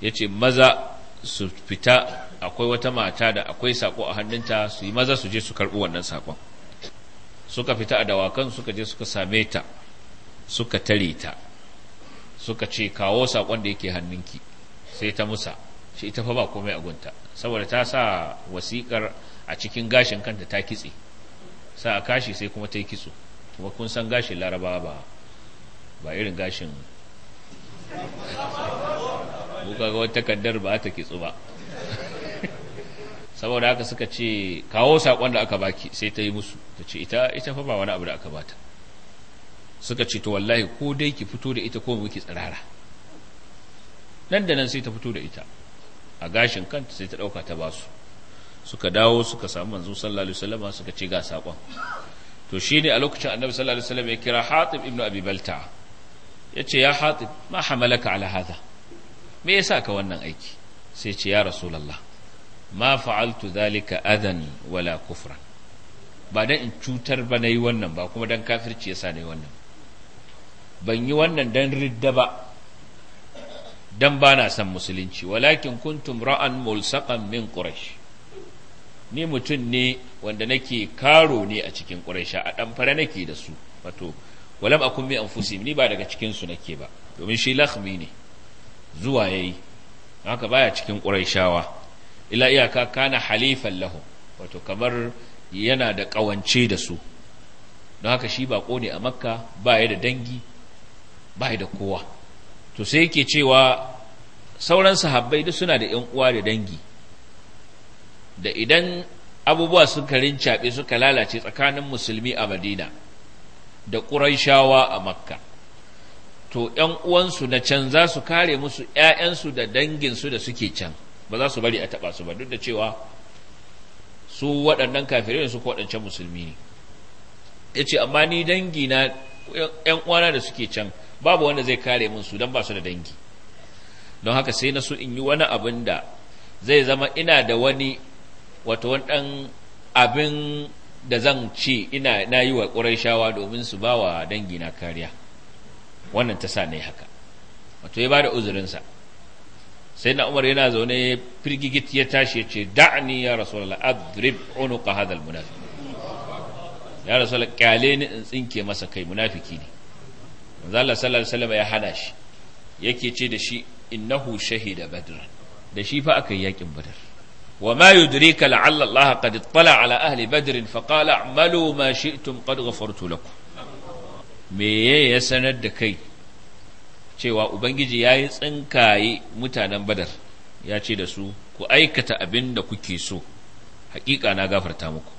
B: yace maza su fita akwai wata mata da akwai sako a hannunta su yi maza su je su karɓi wannan sakon suka fita a dawakan suka je suka same ta suka tare ta suka ce kawo sakon da yake hannunki sai ta musa shi ita fa ba komai a gunta saboda ta sa wasikar a cikin gashin kanta ta kitse sa a kashi sai kuma ta yi kitso kuma kun san gashin laraba ba ba irin gashin buka ga wata takardar ba ta kitso ba saboda haka suka ce kawo sakon da aka baki sai ta yi musu ta ce ita ita fa ba wani abu da aka bata suka ce to wallahi ko dai ki fito da ita ko ki tsirara nan da nan sai ta fito da ita a gashin kanta sai ta ɗauka ta basu suka dawo suka samu manzo sallallahu alaihi wasallam suka ce ga sakon to shine a lokacin annabi sallallahu alaihi wasallam ya kira Hatib ibn Abi ya yace ya Hatib ma hamalaka ala hadha me yasa ka wannan aiki sai ce ya rasulullah ma fa'altu zalika adan wala kufra ba dan in cutar ba na yi wannan ba kuma dan kafirci na yi wannan ban yi wannan dan ridda ba dan na san musulunci walakin kuntum ra'an mulsakan min ƙurash. ni mutum ne wanda nake karo ne a cikin ƙurash a ɗan fara nake da su wato walam akun bi ni ba daga cikinsu su nake ba domin shi lakmi ne zuwa ya yi. haka baya cikin ƙurashawa ila iyaka kana halifan lahu? wato kamar yana da ƙawance da su don haka shi baƙo ne a makka ba ya da dangi ba ya da kowa to sai yake cewa sauran sahabbai duk suna da ‘yan uwa da dangi da idan abubuwa suka rincaɓe suka lalace tsakanin musulmi a madina da ƙuraishawa a makka to ‘yan uwansu na can za su kare musu ‘ya'yansu da danginsu da suke can’ ba za su bari a taɓa su ba duk da cewa su waɗannan kafirai su waɗancan musulmi ne ya ce amma ni dangi na ‘yan uwana da suke can babu wanda zai kare min su don ba su da dangi don haka sai na su in yi wani abin da zai zama ina da wani wato wani ɗan abin da zan ce ina na yi wa ƙurashawa domin su ba wa dangi na kariya wannan ta sa na yi haka wato ya ba da uzurinsa sai na umar yana zaune firgigit ya tashi ya ce da'ani ya rasulullah adrib unuqa hadha almunafiq ya rasulullah kyale ni in tsinke masa kai munafiki ne manzo Allah sallallahu alaihi wasallam ya hana shi yake ce da shi innahu shahida badr da shi fa aka yakin badr wa ma yudrika la'alla Allah qad ittala ala ahli badr fa qala a'malu ma shi'tum qad ghafartu lakum me ya sanar da kai cewa ubangiji ya yi tsinkaye mutanen badar ya ce da su ku aikata abin da kuke so hakika na gafarta muku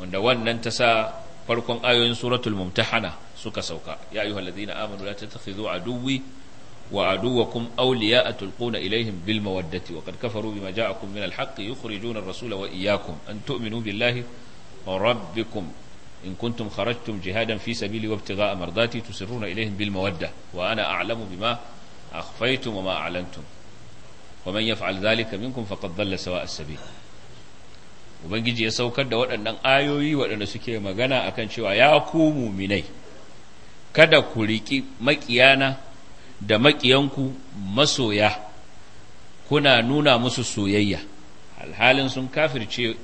B: wanda wannan ta sa farkon ayoyin suratul mumtahana suka sauka ya ayyuhal ladina amanu la tattakhidhu aduwwi wa aduwwakum a tulquna ilaihim bil mawaddati wa qad kafaru bima ja'akum min al haqqi yukhrijuna ar-rasula wa iyyakum an tu'minu billahi wa rabbikum in kuntum kharajtum jihadan fi sabili wabtigha'a mardati tusirruna ilayhim bil mawadda wa ana a'lamu bima akhfaytum wa ma a'lantum wa man yaf'al dhalika minkum faqad dhalla sawa'a as-sabil ubangiji ya saukar da waɗannan ayoyi waɗanda suke magana akan cewa ya ku muminai kada ku riƙi maƙiyana da maƙiyanku masoya kuna nuna musu soyayya alhalin sun kafirce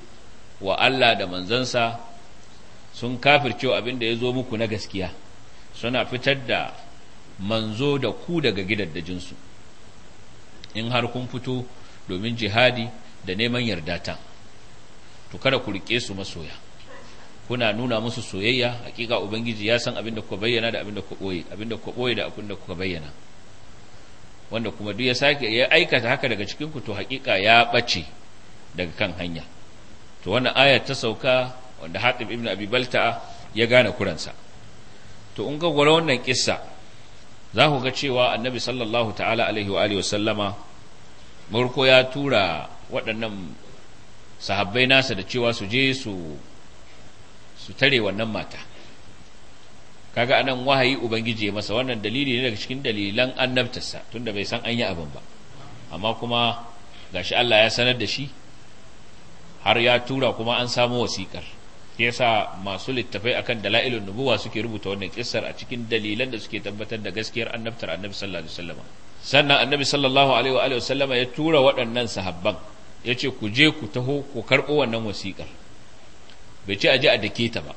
B: wa Allah da manzansa sun kafircewa abin da ya zo muku na gaskiya suna fitar da manzo da ku daga gidaddajinsu in har kun fito domin jihadi da neman yarda ta to kada ku rike su masoya kuna nuna musu soyayya hakika ubangiji ya san abin da kuka bayyana da abin da kuka boye abin da kuka boye da abin da kuka bayyana wanda kuma duk ya sake ya aikata haka daga cikin ku to hakika ya bace daga kan hanya to wannan ayar ta sauka wanda Hatib ibn Abi Balta'a ya gane kuransa to in ga gwara wannan kissa za ku ga cewa annabi sallallahu ta'ala alaihi wa alihi sallama murko ya tura waɗannan sahabbai nasa da cewa su je su su tare wannan mata kaga anan wahayi ubangiji masa wannan dalili ne daga cikin dalilan annabtarsa tunda bai san an yi abin ba amma kuma gashi Allah ya sanar da shi har ya tura kuma an samu wasikar yasa masu littafai akan dalailun nubuwa suke rubuta wannan kissar a cikin dalilan da suke tabbatar da gaskiyar annabtar annabi sallallahu alaihi wasallam sannan annabi sallallahu alaihi wa wasallam ya tura waɗannan sahabban yace ku je ku taho ku karɓo wannan wasiƙar bai ce a je a dake ta ba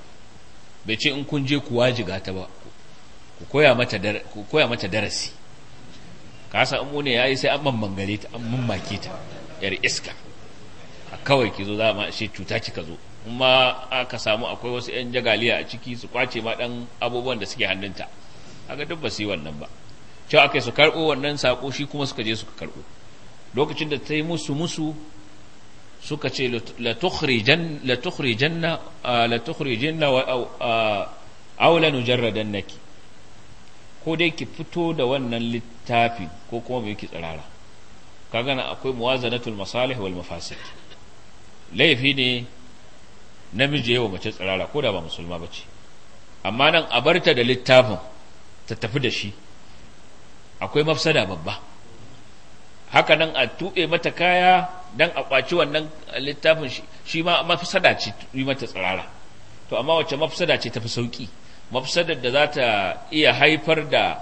B: bai ce in kun je ku wajiga ta ba ku koya mata ku koya mata darasi ka san mu ne yayi sai an mammangare ta an mammake ta yar iska a kawai ki zo za ma shi cuta kika zo kuma aka samu akwai wasu 'yan jagaliya a ciki su kwace ma dan abubuwan da suke hannunta aga duk basu yi wannan ba cewa aka su karɓo wannan saƙo shi kuma suka je suka karɓo lokacin da ta yi musu musu suka ce latukhrijanna aula nujarradan naki ko dai ki fito da wannan littafi ko kuma bai ki tsirara kaga akwai muwazanatul masalih wal mafasid laifi ne namiji yawa mace tsirara ko da ba musulma ba ce amma nan a barta da littafin ta tafi da shi akwai mafsada babba haka nan a tuɓe mata kaya don a ƙwaci wannan littafin shi ma mafsada ce yi mata tsirara to amma wacce mafsada ce tafi sauƙi mafsadar da za ta iya haifar da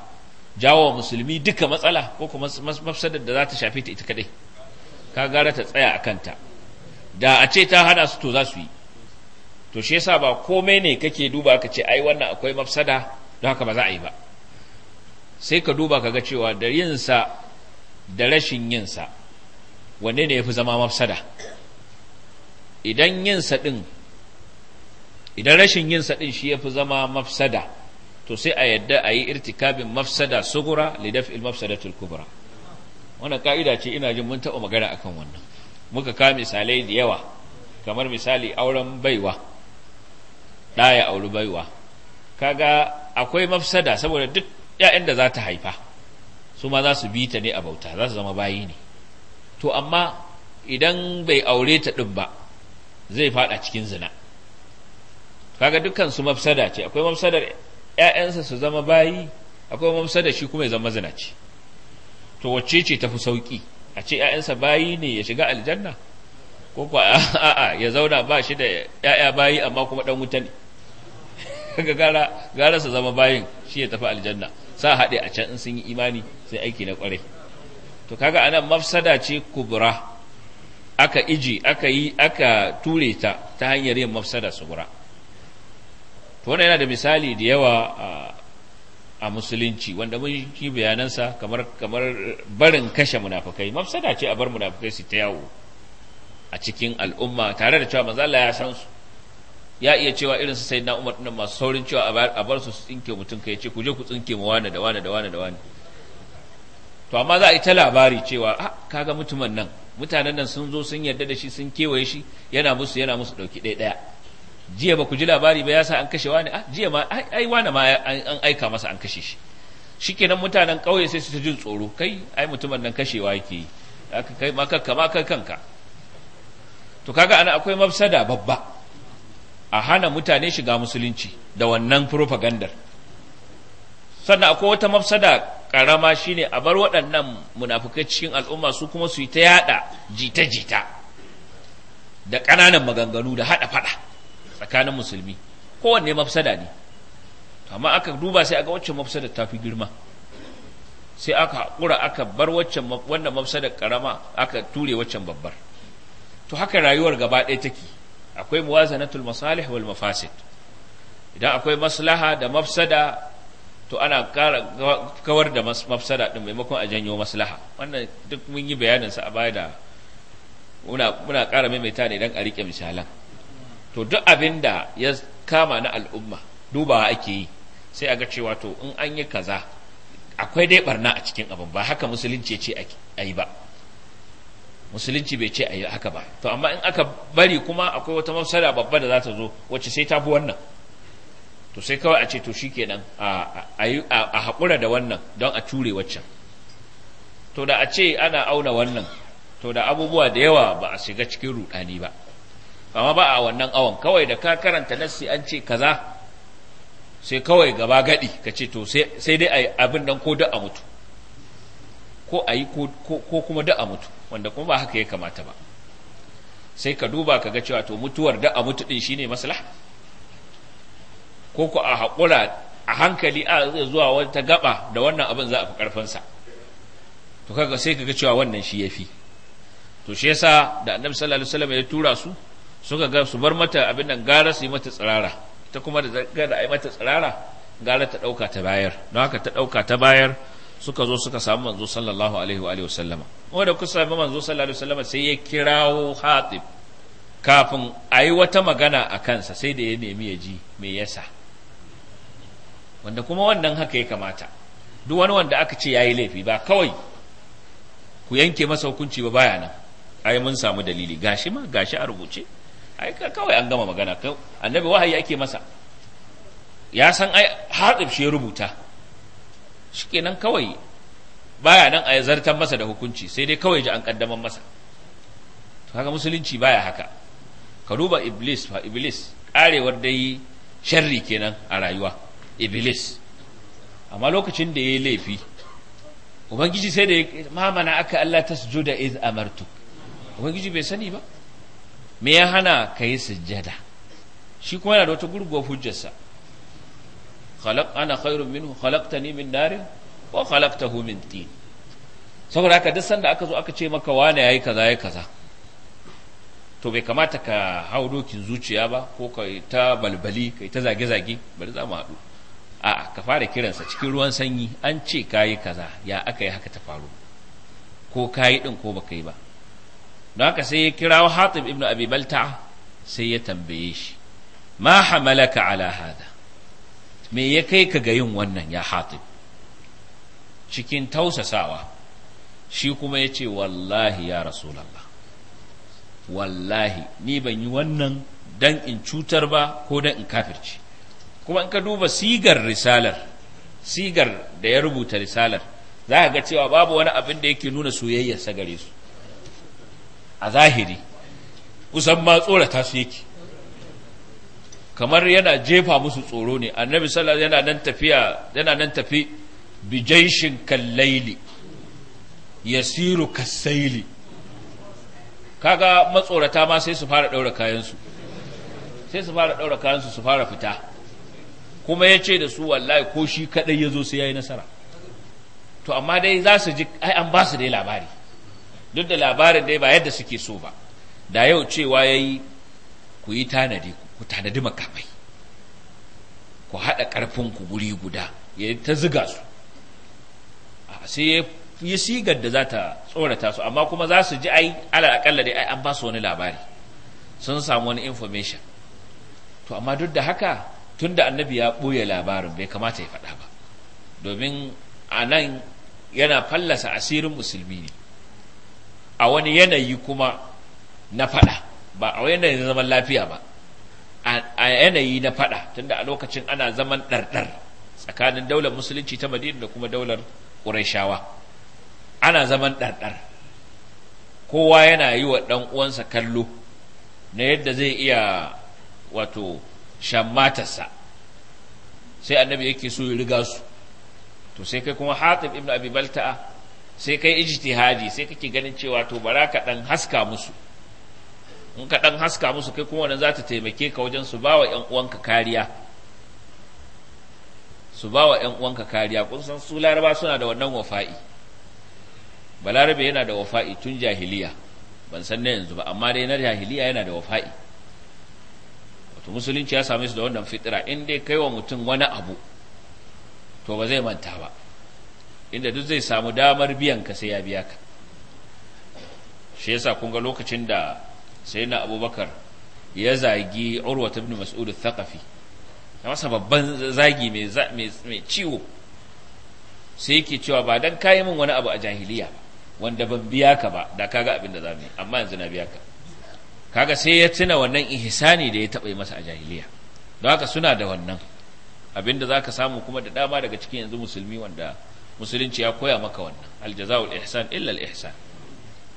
B: jawo musulmi duka matsala ko kuma mafsadar da za ta shafe ta ita kaɗai ka gara ta tsaya a kanta da a ce ta hana su to za su yi to shi yasa ba komai ne kake duba ka ce ai wannan akwai mafsada don haka ba za a yi ba sai ka duba ka ga cewa da yinsa da rashin yinsa wanne ne ya zama mafsada idan yinsa ɗin idan rashin yinsa ɗin shi yafi zama mafsada to sai a yadda a yi irtikabin mafsada sugura lidaf il mafsadatul kubra wannan ka'ida ce ina jin mun taɓa magana akan wannan muka kawo misalai da yawa kamar misali auren baiwa ɗa ya auri baiwa kaga akwai mafsada saboda duk ‘ya'yan da za ta haifa su ma za su bi ta ne a bauta za su zama bayi ne to amma idan bai aure ta ɗin ba zai faɗa cikin zina kaga dukkan su mafsada ce akwai mafsadar ‘ya'yansa su zama bayi akwai mafsadar shi kuma ya zama zina ce to wacce ce fi sauki a ce ‘ya'yansa bayi ne ya shiga aljanna ko kuwa a'a ya zauna ba shi da ‘ya'ya bayi amma kuma ɗan wuta ne kaga gara gara su zama bayin shi ya tafi aljanna sa haɗe a can in sun yi imani sai aiki na ƙwarai to kaga anan mafsada ce kubra aka iji aka yi aka ture ta ta hanyar yin mafsada sugura to wannan yana da misali da yawa a musulunci wanda mun yi bayanansa kamar kamar barin kashe munafukai mafsada ce a bar munafukai su ta yawo a cikin al'umma tare da cewa manzo Allah ya san su ya iya cewa irin su na Umar din masu saurin cewa a bar su tsinke mutum kai ce ku je ku tsinke mu wane da wane da wane da wane. to amma za a yi ta labari cewa a ah, kaga mutumin nan mutanen nan sun zo sun yarda da shi sun kewaye shi yana musu yana musu dauki ɗaya ɗaya jiya ba ku ji labari ba ya sa an kashe wani a ah, jiya ma ai wani ma an aika masa an kashe shi shikenan mutanen ƙauye sai su ta jin tsoro kai ai mutumin nan kashewa yake yi aka kai ma kanka ma kai kanka to kaga ana akwai mafsada babba a hana mutane shiga musulunci da wannan propagandar sannan akwai wata mafsada karama shine a bar waɗannan munafukai cikin al'umma su kuma su yi ta yada jita-jita da ƙananan maganganu da haɗa faɗa tsakanin musulmi kowanne mafsada ne amma aka duba sai aka waccan mafsada ta fi girma sai aka haƙura aka bar waccan wannan mafsada karama aka ture waccan babbar to haka rayuwar gaba ɗaya take akwai muwazanatul masalih wal mafasid idan akwai maslaha da mafsada to ana kawar da mafsada din maimakon a janyo maslaha wannan duk mun yi bayanin sa a baya da muna muna ƙara maimaita ne dan a rike misalan to duk abin da ya kama na al'umma dubawa ake yi sai a ga cewa to in an yi kaza akwai dai barna a cikin abin ba haka musulunci ce a yi ba musulunci bai ce a yi haka ba to amma in aka bari kuma akwai wata mafsara babba da za ta zo wacce sai ta bi wannan to sai kawai a ce to shi kenan a haƙura da wannan don a ture waccan to da a ce ana auna wannan to da abubuwa da yawa ba a shiga cikin rudani ba amma ba a wannan awon kawai da ka karanta nassi an ce kaza sai kawai gaba gadi ka ce to sai dai abin nan ko da a mutu ko a yi ko kuma da a mutu wanda kuma ba haka ya kamata ba sai ka duba ka ga cewa to mutuwar da a mutu din shine maslaha ko ku a haƙura a hankali a zuwa wata gaba da wannan abin za a fi ƙarfinsa to kaga sai ka ga cewa wannan shi ya fi to shi yasa da annabi sallallahu alaihi wasallam ya tura su suka ga su bar mata abin nan gara su yi mata tsirara ta kuma da ga da ai mata tsirara gara ta ɗauka ta bayar don haka ta ɗauka ta bayar suka zo suka samu manzo sallallahu alaihi wa alihi wasallama wanda kuka samu manzo sallallahu alaihi wasallama sai ya kirawo hatib kafin a yi wata magana a kansa sai da ya nemi ya ji me yasa wanda kuma wannan haka ya kamata duk wani wanda aka ce yayi laifi ba kawai ku yanke masa hukunci ba baya nan ai mun samu dalili gashi ma gashi a rubuce ai kawai an gama magana annabi wahayi ake masa ya san ai hatib shi ya rubuta shikenan kawai baya nan a zartar masa da hukunci sai dai kawai ji an kaddaman masa to haka musulunci baya haka ka duba iblis fa iblis karewar dai sharri kenan a rayuwa iblis amma lokacin da yayi laifi ubangiji sai da ma mana aka Allah tasjuda iz amartuk ubangiji bai sani ba me ya hana ka yi sujjada shi kuma yana da wata gurguwar hujjarsa khalaq ana khairun minhu khalaqtani min narin wa khalaqtahu min saboda haka duk sanda aka zo aka ce maka wane yayi kaza yayi kaza to bai kamata ka hau dokin zuciya ba ko ka ta balbali kai ta zage-zage bari za mu haɗu a'a ka fara kiransa cikin ruwan sanyi an ce kayi kaza ya aka yi haka ta faru ko kayi din ko baka yi ba don haka sai ya kirawo hatib ibnu abi balta sai ya tambaye shi ma hamalaka ala hada me ya kai ka ga yin wannan ya hatib cikin tausasawa shi kuma ya ce wallahi ya rasulallah wallahi ni ban yi wannan dan in cutar ba ko dan in kafirci kuma in ka duba sigar risalar sigar da ya rubuta risalar za ka ga cewa babu wani abin da yake nuna soyayya gare su a zahiri kusan ma tsorata su yake kamar yana jefa musu tsoro ne annabi sallallahu yana nan tafiya yana nan tafi bijaishin kallaili yasiru kasaili kaga matsorata ma sai su fara daura kayansu sai su fara daura kayansu su fara fita kuma yace da su wallahi ko shi kadai yazo zo sai ya nasara to amma dai za su ji ai an ba su dai labari duk da labarin dai ba yadda suke so ba da yau cewa yayi yi ku yi tanadi ku tanadi makamai ku haɗa ƙarfinku guri guda ya ta ziga su sai ya yi sigar da za ta tsorata su amma kuma za su ji ai alal akalla dai ai an ba su wani labari sun samu wani information to amma duk da haka tun da annabi ya ɓoye labarin bai kamata ya faɗa ba domin a nan yana fallasa asirin musulmi ne a wani yanayi kuma na faɗa ba a wani yanayi zaman lafiya ba a yanayi na fada tunda a lokacin ana zaman ɗarɗar tsakanin daular musulunci ta madina da kuma daular ƙuraishawa ana zaman ɗarɗar kowa yana yi wa ɗan uwansa kallo na yadda zai iya wato shammatarsa sai annabi yake so ya riga su to sai kai kuma hatim ibn abi balta'a sai kai ijtihadi sai kake ganin cewa to bara ka dan haska musu in ka ɗan haska musu kai kuma wannan za ta taimake ka wajen su bawa ‘yan uwanka kariya su bawa ‘yan uwanka kariya kun san su laraba suna da wannan wafa'i balarabe yana da wafa'i tun jahiliya ban san na yanzu ba amma dai na jahiliya yana da wafa'i wato musulunci ya same su da wannan fitira in dai kai wa mutum wani abu to ba zai manta ba inda duk zai samu damar biyan ka sai ya biya ka shi yasa kun ga lokacin da sai na abubakar ya zagi urwa ta bini mas'ud al-thaqafi ya masa babban zagi mai ciwo sai yake cewa ba don kayi min wani abu a jahiliya wanda ban biya ka ba da kaga abin da zamu yi amma yanzu na biya ka kaga sai ya tuna wannan ihsani da ya taba yi masa a jahiliya don haka suna da wannan abin da zaka samu kuma da dama daga cikin yanzu musulmi wanda musulunci ya koya maka wannan aljaza'ul ihsan illa al ihsan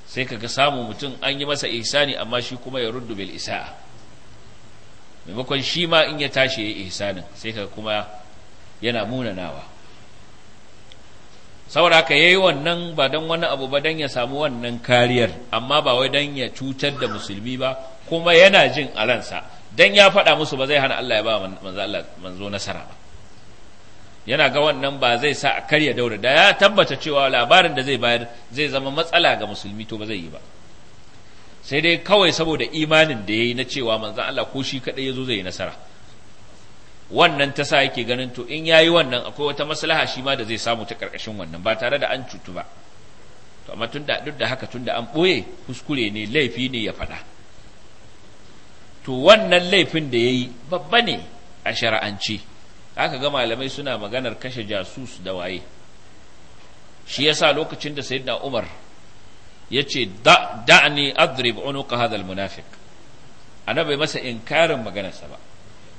B: sai ka ga samu mutum an yi masa ihsani amma shi kuma ya rundu bil isa'a maimakon shi ma in ya tashi ya yi ihsanin sai ka kuma yana munanawa saboda ka yayi wannan ba dan wani abu ba don ya samu wannan kariyar amma ba wai dan ya cutar da musulmi ba kuma yana jin alansa don ya faɗa musu ba zai hana Allah ya ba manzo manzo nasara ba yana ga wannan ba zai sa a karya daura da ya tabbata cewa labarin da zai bayar zai zama matsala ga musulmi to ba zai yi ba sai dai kawai saboda imanin da ya yi na cewa manzan Allah ko shi kaɗai ya zo zai yi nasara wannan ta sa yake ganin to in ya yi wannan akwai wata maslaha shi ma da zai samu ta ƙarƙashin wannan ba tare da an cutu ba to amma tun da duk da haka tun da an ɓoye kuskure ne laifi ne ya faɗa to wannan laifin da ya yi babba ne a shara'ance aka ga malamai suna maganar kashe jasus da waye shi yasa lokacin da sayyidina umar ya ce da'ani adrib unuka hadal munafiq bai masa inkarin maganarsa ba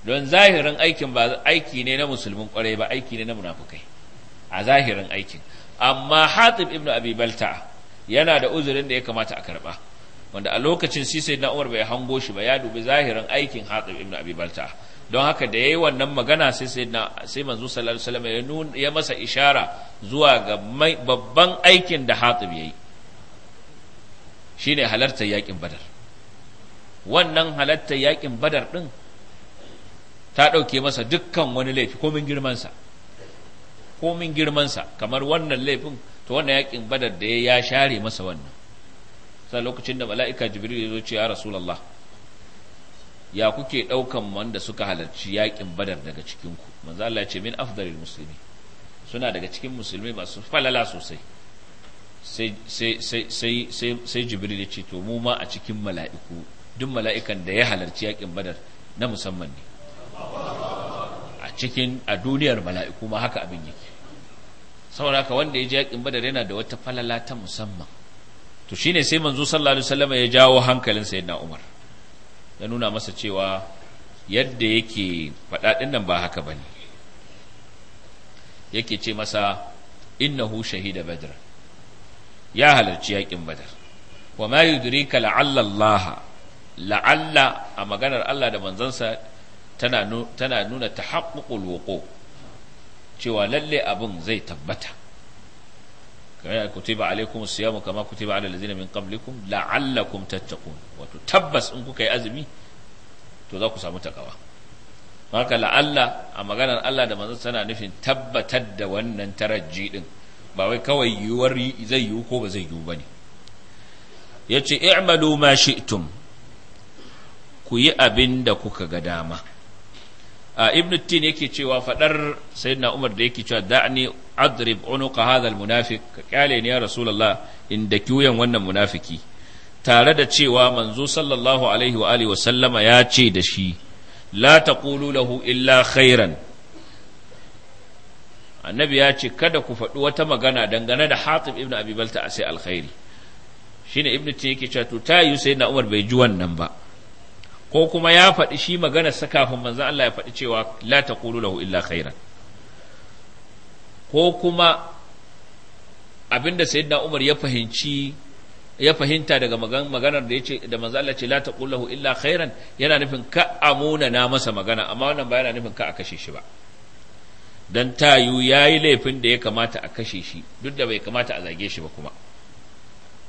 B: don zahirin aikin ba aiki ne na musulmin kwarai ba aiki ne na munafukai a zahirin aikin amma hatib ibnu abi balta yana da uzurin da ya kamata a karba wanda a lokacin sisai na umar bai hango shi ba ya dubi zahirin aikin hatib ibnu abi balta don haka da ya yi wannan magana sai sai manzo sallallahu alaihi wasallam ya masa ishara zuwa ga babban aikin da Hatib Shi shine halartar yakin Badar wannan halartar yakin Badar din ta dauke masa dukkan wani laifi komin girmansa komin girmansa kamar wannan laifin to wannan yakin Badar da ya share masa wannan sai lokacin da mala'ika Jibril ya zo ce ya Rasulullah ya kuke ɗaukan wanda suka halarci yaƙin badar daga cikinku manzo Allah ce min afdalil musulmi suna daga cikin musulmi masu falala sosai sai jibril ya ce to mu ma a cikin mala'iku duk mala'ikan da ya halarci yaƙin badar na musamman ne a cikin a duniyar mala'iku ma haka abin yake saboda haka wanda ya ji yaƙin badar yana da wata falala ta musamman to shine sai manzo sallallahu alaihi wasallam ya jawo hankalin sayyidina umar ya nuna masa cewa yadda yake faɗaɗin nan ba haka ba ne yake ce masa innahu shahida badr ya halarci yaƙin badar wa ma yudrika la'alla Allah la'alla a maganar Allah da manzansa tana nuna tahaqququl wuqu cewa lalle abin zai tabbata kutiba alaikum siyamu kama kutiba ala allazina min qablikum la'allakum tattaqun wato tabbas in kuka yi azumi to za ku samu takawa haka la'alla a maganar Allah da manzon sana nufin tabbatar da wannan taraji din ba wai kawai yiwuwar zai yiwu ko ba zai yiwu bane yace i'malu ma shi'tum ku yi abin da kuka ga dama ibn tin yake cewa fadar sayyidina umar da yake cewa da'ni adrib unuqa hadha almunafiq ka kyale ne ya rasulullah inda kiyon wannan munafiki tare da cewa manzo sallallahu alaihi wa alihi wa sallama ya ce da shi la taqulu lahu illa khairan annabi ya ce kada ku faɗi wata magana dangane da hatib ibn abi balta sai alkhairi shine ibn tin yake cewa to ta sayyidina umar bai ji wannan ba ko kuma ya faɗi shi magana sa kafin manzan Allah ya faɗi cewa la taqulu lahu illa khairan ko kuma abinda sayyidina Umar ya fahimci ya fahimta daga maganar da yace da manzo Allah ce la taqul lahu illa khairan yana nufin ka amuna na masa magana amma wannan ba yana nufin ka a kashe shi ba dan tayu yayi laifin da ya kamata a kashe shi duk da bai kamata a zage shi ba kuma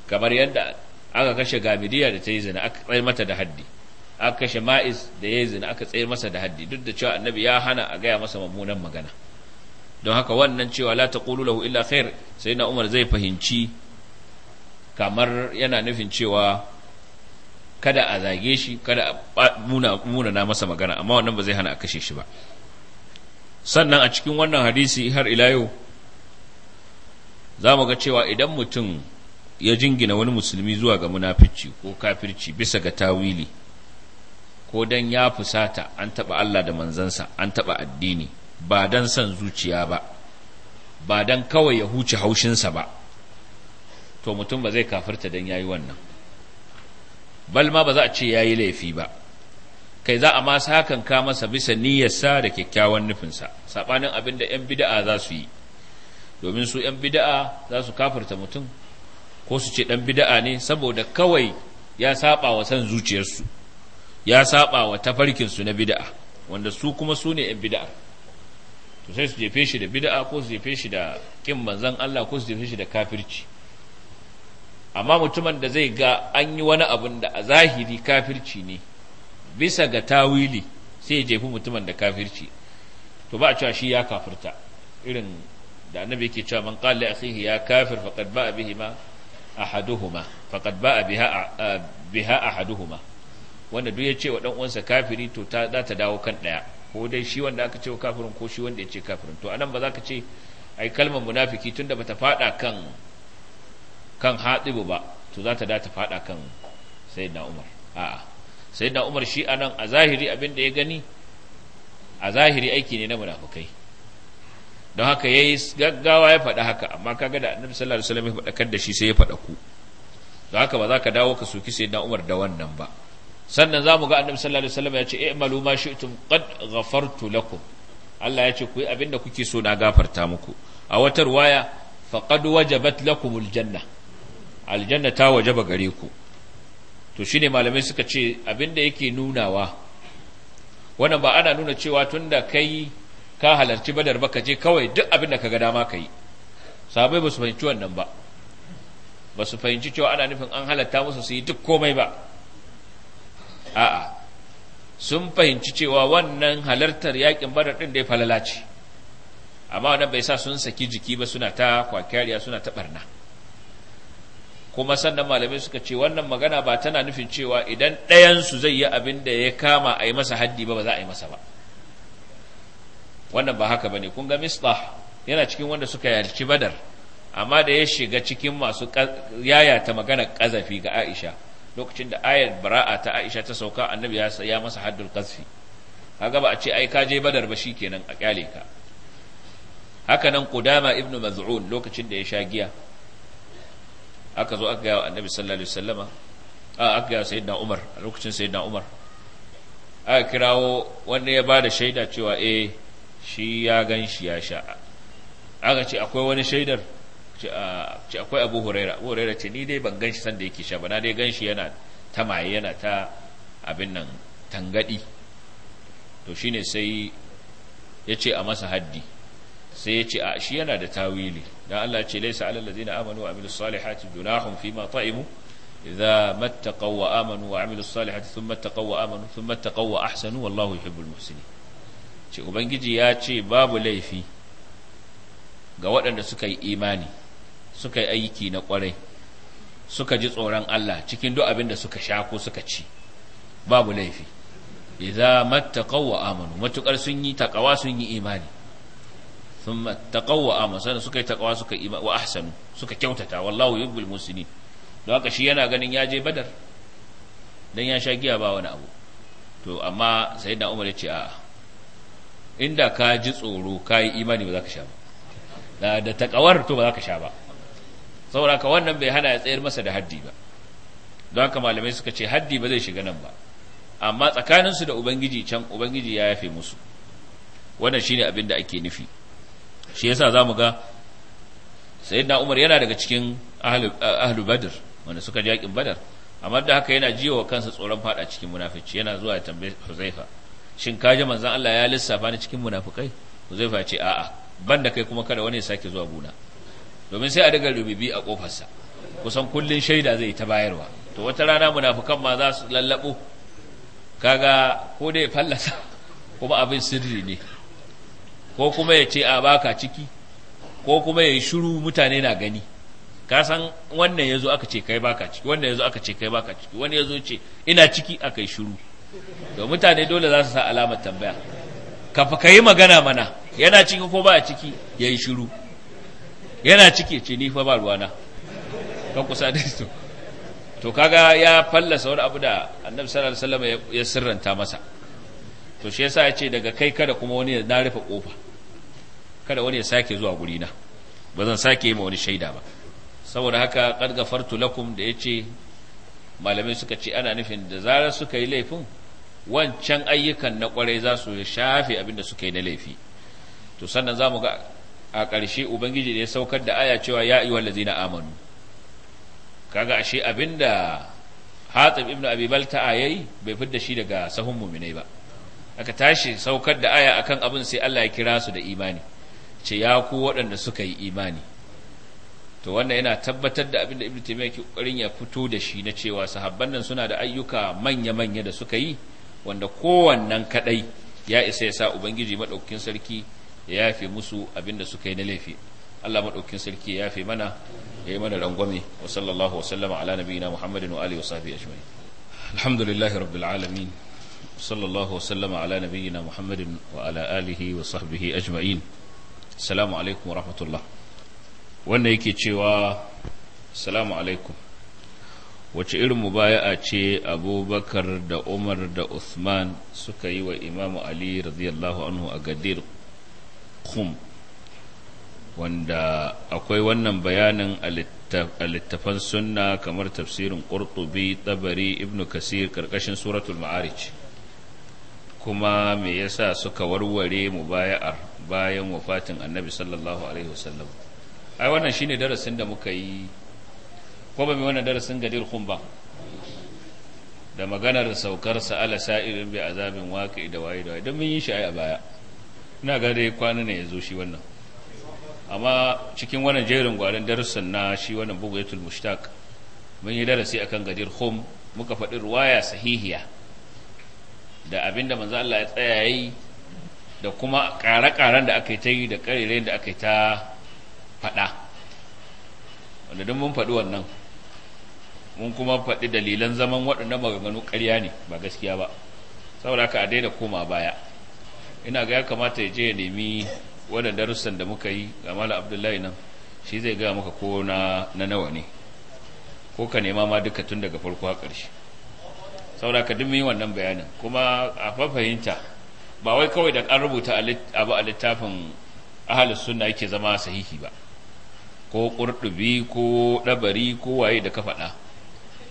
B: kamar yadda aka kashe gamidiya da ta yi zina aka tsaye mata da haddi aka kashe ma'is da ya zina aka tsayar masa da haddi duk da cewa annabi ya hana a gaya masa mummunan magana don haka wannan cewa la taqulu lahu illa khair sai na umar zai fahimci kamar yana nufin cewa kada a zage shi kada a muna na masa magana amma wannan ba zai hana a kashe shi ba sannan a cikin wannan hadisi har ila yau za mu ga cewa idan mutum ya jingina wani musulmi zuwa ga munafici ko kafirci bisa ga tawili ko dan ya fusata an taɓa Allah da manzansa an taɓa addini ba dan son zuciya ba ba dan kawai ya huce haushinsa ba to mutum ba zai kafirta dan yayi wannan bal ma ba za a ce yayi laifi ba kai za a masu hakan ka masa bisa niyyarsa da kyakkyawan nufinsa saɓanin abin da 'yan bida'a za su yi domin su 'yan bida'a za su kafirta mutum ko su ce ɗan bida'a ne saboda kawai ya saɓa wa san zuciyarsu ya saba wa tafarkinsu na bid'a wanda su kuma su ne 'yan bid'a to sai su jefe shi da bid'a ko su jefe shi da kin manzan Allah ko su jefe shi da kafirci amma mutumin da zai ga an yi wani abun da a zahiri kafirci ne bisa ga tawili sai ya jefi mutumin da kafirci to ba a cewa shi ya kafirta irin da annabi yake cewa man qala akhihi ya kafir faqad ba'a bihima ahaduhuma faqad ba'a biha biha ahaduhuma wanda duk ya ce wa dan uwansa kafiri to ta za ta dawo kan daya ko dai shi wanda aka ce wa kafirin ko shi wanda ya ce kafirin to anan ba za ka ce ai kalmar munafiki tunda bata fada kan kan hadibu ba to za ta da ta fada kan sayyidina umar a'a sayyidina umar shi anan a zahiri abin da ya gani a zahiri aiki ne na munafukai don haka ya yi gaggawa ya faɗa haka amma kaga da annabi sallallahu alaihi wasallam ya faɗa kan da shi sai ya faɗa ku don haka ba za ka dawo ka soki sayyidina umar da wannan ba sannan za mu ga annabi sallallahu alaihi wasallam ya ce i'malu ma shi'tum qad ghafartu lakum Allah ya ce ku yi abinda kuke so na gafarta muku a wata ruwaya faqad wajabat lakumul janna aljanna ta wajaba gare ku to shine malamai suka ce abinda yake nunawa wannan ba ana nuna cewa tunda kai ka halarci badar ba ka je kawai duk abinda ka ga dama ka yi ba su fahimci wannan ba ba su fahimci cewa ana nufin an halarta musu su yi duk komai ba a'a sun fahimci cewa wannan halartar yakin badar din da ya falala ce amma wannan bai sa sun saki jiki ba suna ta kwakariya suna ta barna kuma sannan malamai suka ce wannan magana ba tana nufin cewa idan ɗayansu zai yi abin da ya kama a yi masa haddi ba ba za a yi masa ba wannan ba haka ba ne kun ga mislah yana cikin wanda suka yarci badar amma da ya shiga cikin masu yayata magana ƙazafi ga aisha lokacin da ayat bara'a ta Aisha ta sauka annabi ya ya masa haddul qazfi kaga ba a ce ai ka je badar ba shikenan a kyale ka haka nan qudama ibnu maz'un lokacin da ya sha giya aka zo aka ga annabi sallallahu alaihi wasallama a aka ga sayyidina umar a lokacin sayyidina umar aka kirawo wanda ya bada shaida cewa eh shi ya gan shi ya sha aka ce akwai wani shaidar Ah, ce akwai abu huraira abu huraira ce ni dai ban gan shi sanda yake sha ba na dai gan shi yana ta maye yana ta abin nan tangadi to shine sai ya ce a masa haddi sai ya ce a ah, shi yana da tawili da Allah ce laisa alal ladina amanu wa amilus salihati junahum ma ta'imu idza mattaqaw wa amanu wa amilus salihati thumma mattaqaw wa amanu thumma mattaqaw wa ahsanu wallahu yuhibbul muhsinin ce ubangiji ya ce babu laifi ga waɗanda suka yi imani suka yi aiki na kwarai suka ji tsoron Allah cikin duk abin da suka sha ko suka ci babu laifi idza mattaqaw wa amanu matukar sun yi takawa sun yi imani thumma taqaw wa amanu sannan suka yi takawa suka yi wa ahsanu suka kyautata wallahu yuhibbul muslimin don haka shi yana ganin ya je badar dan ya sha giya ba wani abu to amma sayyidina umar ya ce a'a inda ka ji tsoro ka yi imani ba za ka sha ba da takawar to ba za ka sha ba saboda ka wannan bai hana ya tsayar masa da haddi ba don haka malamai suka ce haddi ba zai shiga nan ba amma tsakaninsu da ubangiji can ubangiji ya yafe musu wannan shine abin da ake nufi shi yasa za mu ga sayyidina umar yana daga cikin ahlu badr wanda suka ji yakin badar amma da haka yana wa kansa tsoron fada cikin munafici yana zuwa ya tambaye huzaifa shin ka ji manzon Allah ya lissafa ni cikin munafikai huzaifa ce a'a ban da kai kuma kada wani ya sake zuwa buna. domin sai a daga rububi a kofarsa kusan kullun shaida zai ta bayarwa to wata rana munafukan ma za su lallabo kaga ko dai fallasa kuma abin sirri ne ko kuma ya ce a baka ciki ko kuma ya yi shiru mutane na gani ka san wannan ya zo aka ce kai baka ciki wannan ya zo aka ce kai baka ciki wani ya zo ce ina ciki aka yi shiru to mutane dole za su sa alamar tambaya ka fa yi magana mana yana ciki ko ba a ciki ya yi shiru yana ciki ce ni fa ba ruwana kan kusa da su to kaga ya fallasa wani abu da annabi sallallahu alaihi wasallam ya sirranta masa to shi yasa ya ce daga kai kada kuma wani na rufe kofa kada wani ya sake zuwa guri na ba zan sake yi ma wani shaida ba saboda haka qad gafartu lakum da yace malamai suka ce ana nufin da zarar suka yi laifin wancan ayyukan na kwarai za su shafe abinda suka yi na laifi to sannan za mu ga a ƙarshe ubangiji da ya saukar da aya cewa ya yi ayyuhal na amanu kaga ashe abinda Hatib ibn Abi Balta'a yayi bai da shi daga sahun mu'minai ba aka tashi saukar da aya akan abin sai Allah ya kira su da imani ce ya ku waɗanda suka yi imani to wannan yana tabbatar da abin da Ibn Taymiyyah ke kokarin ya fito da shi na cewa sahabban nan suna da ayyuka manya-manya da suka yi wanda kowannan kaɗai ya isa ya sa ubangiji madaukakin sarki ya fi musu abinda suka yi na laifi Allah madaukakin sarki ya fi mana ya yi mana rangwame wa sallallahu wa sallama ala nabiyina Muhammadin wa alihi wa sahbihi ajma'in alhamdulillahi rabbil alamin sallallahu wa sallama ala nabiyina Muhammadin wa ala alihi wa sahbihi ajma'in assalamu alaikum wa rahmatullah wannan yake cewa assalamu alaikum wace irin mubaya'a ce abubakar da umar da uthman suka yi wa imamu ali radiyallahu anhu a gadir khum wanda akwai wannan bayanin a littafan sunna kamar tafsirin qurtubi tabari ibnu kasir karkashin suratul ma'arij kuma me yasa suka warware mubaya'ar bayan wafatin annabi sallallahu alaihi wasallam ai wannan shine darasin da muka yi ko ba mai wannan darasin gadir khum ba da maganar saukar sa'ala sa'irin bi azabin waqi da waye da don mun yi shi a baya ina ga dai kwana ne ya zo shi wannan amma cikin wannan jerin gwarin darussan na shi wannan bugayatul mushtaq mun yi darasi akan gadir hum muka faɗi ruwaya sahihiya da abinda manzo Allah ya tsaya yayi da kuma ƙare-ƙaren da aka yi ta yi da da aka yi ta faɗa wanda duk mun faɗi wannan mun kuma faɗi dalilan zaman waɗannan maganganu ƙarya ne ba gaskiya ba saboda haka a daina koma baya ina ga ya kamata ya je ya nemi wannan darussan da muka yi ga malam abdullahi nan shi zai gaya maka ko na nawa ne ko ka nema ma duka tun daga farko a ƙarshe saboda ka dumi wannan bayanin kuma a fahimta ba wai kawai da an rubuta abu a littafin ahalus sunna yake zama sahihi ba ko ƙurɗubi ko ɗabari ko waye da ka faɗa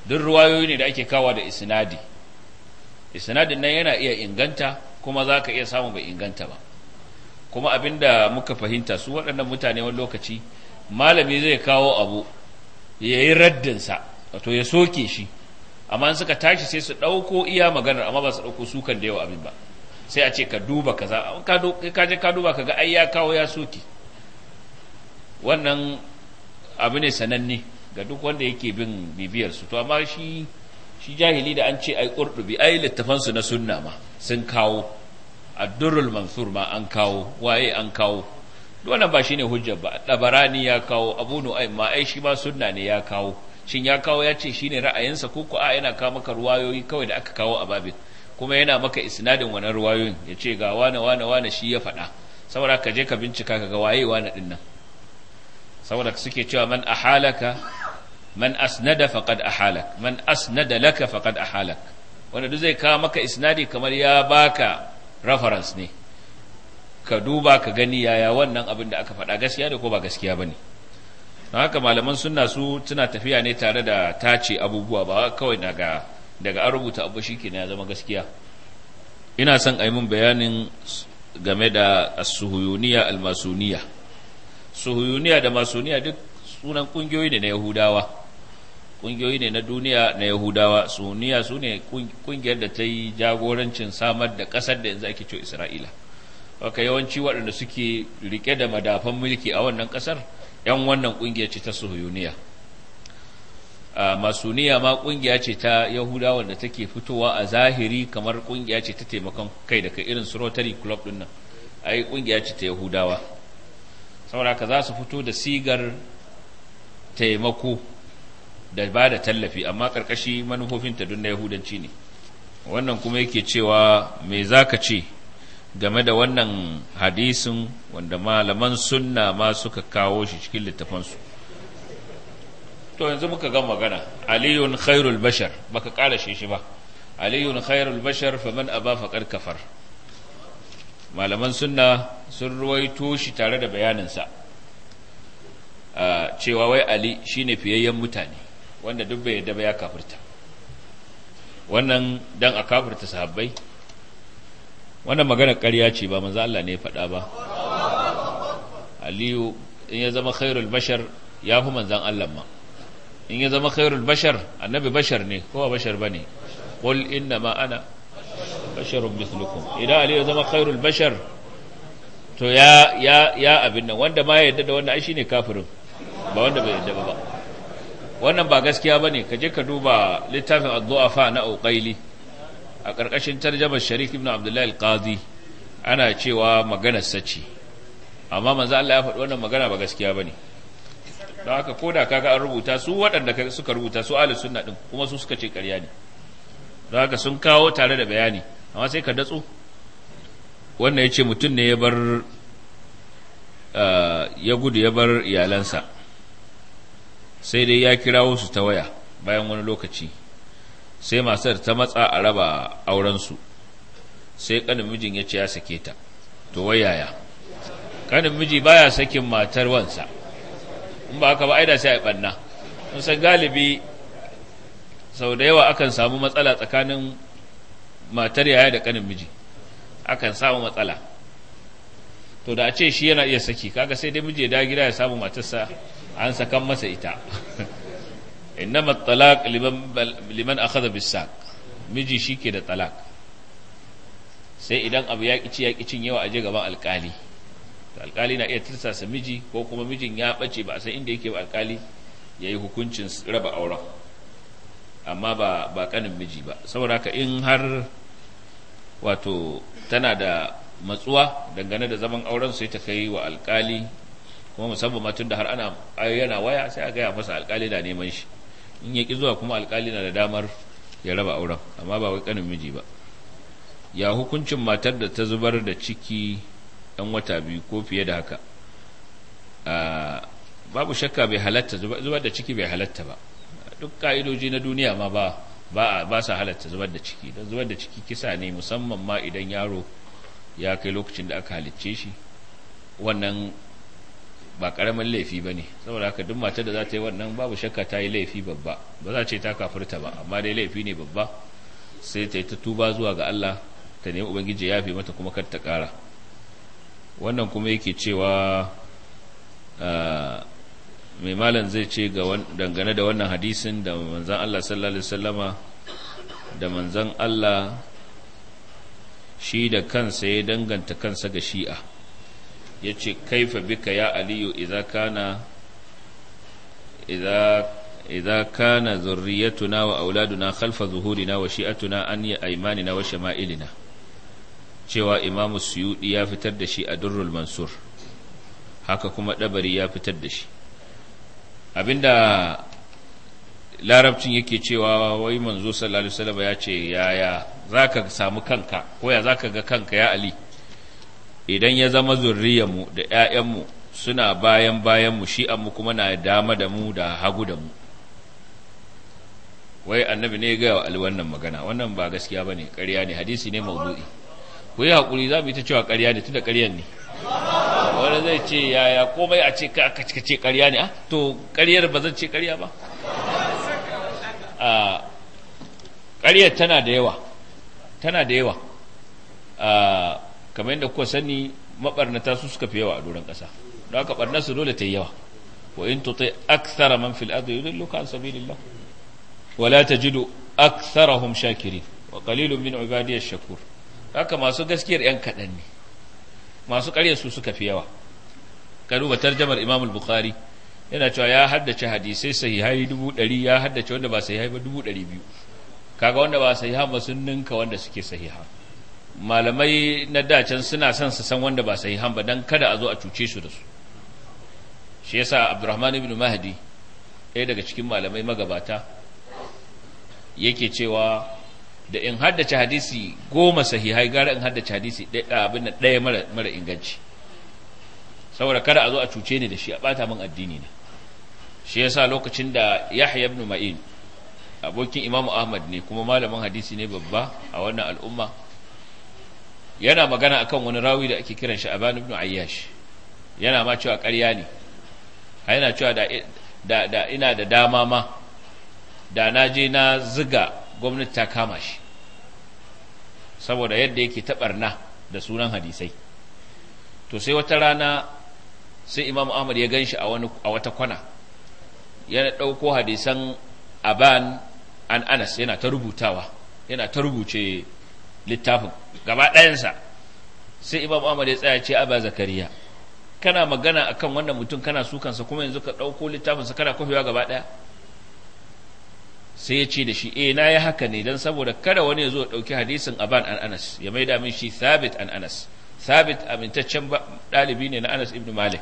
B: duk ruwayoyi ne da ake kawa da isnadi isnadin nan yana iya inganta kuma za ka iya samu bai inganta ba kuma abinda muka fahimta su waɗannan mutane wani lokaci malami zai kawo abu ya yi raddinsa wato ya soke shi amma in suka tashi sai su ɗauko iya maganar amma ba su ɗauko sukan da yawa abin ba sai a ce ka duba kaza ka je ka duba ka ga ai ya kawo ya soke wannan abu ne sananne ga duk wanda yake bin bibiyar su to amma shi shi jahili da an ce ai qurdubi ai littafan su na sunna ma sun kawo addurul mansur ma an kawo waye an kawo wannan ba shine hujja ba dabarani ya kawo abu nu'aym ma ai shi ma sunna ne ya kawo shin ya kawo ya ce shine ra'ayinsa ko ko a yana kawo maka ruwayoyi kawai da aka kawo a babin kuma yana maka isnadin wannan ruwayoyin ya ce ga wane wane wane shi ya faɗa saboda ka je ka bincika ka ga waye wane din nan saboda suke cewa man ahalaka man asnada faqad ahalak man asnada laka faqad ahalak wanda duk zai kawo maka isnadi kamar ya baka reference ne ka duba ka gani yaya wannan abin da aka faɗa gaskiya ne ko ba gaskiya bane don haka malaman sunna su tana tafiya ne tare da tace abubuwa ba kawai daga daga an rubuta abu na ya zama gaskiya ina son a yi min bayanin game da suhuyuniya almasuniya suhuyuniya da masuniya duk sunan kungiyoyi ne na yahudawa ƙungiyoyi ne na duniya na yahudawa suniya su ne ƙungiyar da ta yi jagorancin samar da ƙasar da yanzu ake ce isra'ila haka yawanci waɗanda suke rike da madafan mulki a wannan ƙasar yan wannan kungiya ce ta a masuniya ma ƙungiya ce ta yahudawa da take fitowa a zahiri kamar ƙungiya ce ta taimakon kai da kai irin su rotary club din nan ai ƙungiya ce ta yahudawa saboda ka za su fito da sigar taimako da ba da tallafi amma ƙarƙashi ta duk na yahudanci ne wannan kuma yake cewa me za ka ce game da wannan hadisin wanda malaman sunna ma suka kawo shi cikin littafansu to yanzu muka ga magana aliyun khairul bashar baka ƙara shi shi ba aliyun khairul bashar man aba faqad kafar malaman sunna sun ruwaito shi tare da bayaninsa ah, cewa wai ali shine fiyayyen mutane wanda duk bai yadda ba ya kafirta wannan dan a kafirta sahabbai wannan magana ƙarya ce ba manzo Allah ne ya faɗa ba Aliyu in ya zama khairul bashar ya fi manzan Allah ma in ya zama khairul bashar annabi bashar ne kowa bashar bane qul inna ma ana basharun mithlukum idan Aliyu ya zama khairul bashar to ya ya ya abin nan wanda ma ya yadda da wanda ai shine kafirin ba wanda bai yadda ba wannan ba gaskiya ba ne ka je ka duba littafin addu'afa na auƙaili a ƙarƙashin Tarjabar sharif ibn abdullahi al al-qadi ana cewa maganar sace amma manzo Allah ya faɗi wannan magana ba gaskiya ba ne don haka ko da kaga an rubuta su waɗanda suka rubuta su ahlus sunna din kuma su suka ce ƙarya ne don haka sun kawo tare da bayani amma sai ka datsu wannan ya ce mutum ne ya bar eh, ya gudu ya bar iyalansa sai dai ya kirawo su ta waya bayan wani lokaci sai masar ta matsa a raba aurensu sai kanin mijin ya ce ya sake ta to wayaya kanin miji baya sakin matar wansa in ba haka ba aida sai a banna sun san galibi sau da yawa akan samu matsala tsakanin matar yaya da kanin miji akan samu matsala to da a ce shi yana iya saki kaga sai dai miji ya da gida ya samu matarsa an sakan masa ita innama talaq liman liman akhadha bisaq miji shike da talaq sai idan abu ya kici ya kicin yawa aje gaban alkali to alkali na iya tirsasa miji ko kuma mijin ya bace ba san inda yake ba alkali yayi hukuncin raba auren amma ba ba kanin miji ba saboda haka in har wato tana da matsuwa dangane da zaman auren sai ta kai wa alkali kuma musamman ma tunda har ana yana waya sai a gaya masa alkali na neman shi in ya ki zuwa kuma alkali na da damar ya raba auren amma ba wai kanin miji ba ya hukuncin matar da ta zubar da ciki ɗan wata biyu ko fiye da haka babu shakka bai halatta zubar da ciki bai halatta ba duk ka'idoji na duniya ma ba ba ba sa halatta zubar da ciki don zubar da ciki kisa ne musamman ma idan yaro ya kai lokacin da aka halicce shi wannan ba karamin laifi ba ne saboda haka duk matar da za ta yi wannan babu shakka ta yi laifi babba ba za ce ta kafurta ba amma dai laifi ne babba sai ta yi ta tuba zuwa ga Allah ta nemi ubangiji ya fi mata kuma kar ta kara wannan kuma yake cewa ah, mai malam zai ce dangane da wannan hadisin da manzan Allah sallallahu alaihi wasallama da manzan Allah shi da kansa ya danganta kansa ga shi'a ya ce kaifa bika ya aliyu idza kana idza idza kana zurriyatuna wa auladuna khalfa zuhurina wa shi'atuna an ya aymanina wa shama'ilina cewa imamu suyudi ya fitar da shi a durrul mansur haka kuma dabari ya fitar da shi abinda larabcin yake cewa wai manzo sallallahu alaihi wasallam ya ce yaya zaka samu kanka ko ya zaka ga kanka ya ali idan ya zama zurriyarmu da 'ya'yanmu suna bayan bayanmu shi'anmu kuma na dama da mu da hagu da mu wai annabi ne ga wa wannan magana wannan ba gaskiya ba ne ƙarya ne hadisi ne mawuzi ku yi hakuri za mu yi ta cewa ƙarya ne tunda ƙaryan ne wani zai ce yaya komai a ce ka cika ce ƙarya ne ah to ƙaryar ba zan ce ƙarya ba ƙaryar tana da yawa tana da yawa kamar yadda kuka sani mabarnata su suka fi yawa a doron ƙasa don haka barna su dole ta yi yawa wa in tuti akthara man fil ardi yudilluka an sabilillah wala tajidu aktharahum shakirin wa qalilun min ibadiyash shakur haka masu gaskiyar yan kaɗan ne masu ƙarya su suka fi yawa ka duba tarjamar imam bukhari yana cewa ya haddace hadisai sahihai dubu ɗari ya haddace wanda ba sahihai ba dubu ɗari biyu kaga wanda ba sahiha ba sun ninka wanda suke sahiha malamai na dacen suna son su san wanda ba sahihan ba dan kada a zo a cuce su da su shi yasa abdurrahman ibn mahdi ɗaya daga cikin malamai magabata yake cewa da in haddace hadisi goma sahihai gara in haddace hadisi abin da ɗaya mara inganci saboda kada a zo a cuce ni da shi a ɓata min addini ne shi yasa lokacin da yahya ibn ma'in abokin imamu ahmad ne kuma malamin hadisi ne babba a wannan al'umma yana magana akan wani rawi da ake kiran shi aban ibn ayyash yana ma cewa ƙarya ne a yana cewa da da ina da dama ma da na je na ziga gwamnati ta kama shi saboda yadda yake taɓarna da sunan hadisai to sai wata rana sai imam ahmad ya gan shi a wata kwana yana ɗauko hadisan aban an anas yana ta rubutawa yana ta rubuce littafin gaba ɗayansa sai imam ahmad ya tsaya ce aba zakariya kana magana akan wannan mutum kana sukansa kuma yanzu ka ɗauko littafinsa kana kofewa gaba ɗaya sai ya ce da shi eh na yi haka ne don saboda kada wani ya zo ɗauki hadisin aban an anas ya maida min shi thabit an anas thabit amintaccen ɗalibi ne na anas ibn malik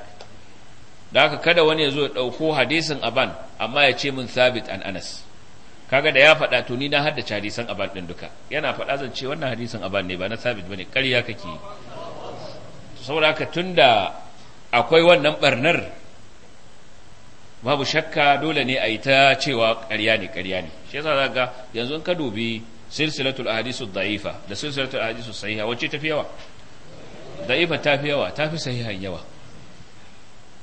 B: da haka kada wani ya zo ya ɗauko hadisin aban amma ya ce min Sabit an anas kaga da ya faɗa to ni na haddace hadisan aban din duka yana faɗa zan ce wannan hadisan aban ne ba na sabit bane ƙarya kake saboda haka tunda akwai wannan barnar babu shakka dole ne a yi ta cewa ƙarya ne ƙarya ne shi yasa zaka yanzu in ka dubi silsilatul ahadisu dha'ifa da silsilatul ahadisu sahiha wacce tafi yawa ta tafi yawa tafi sahiha yawa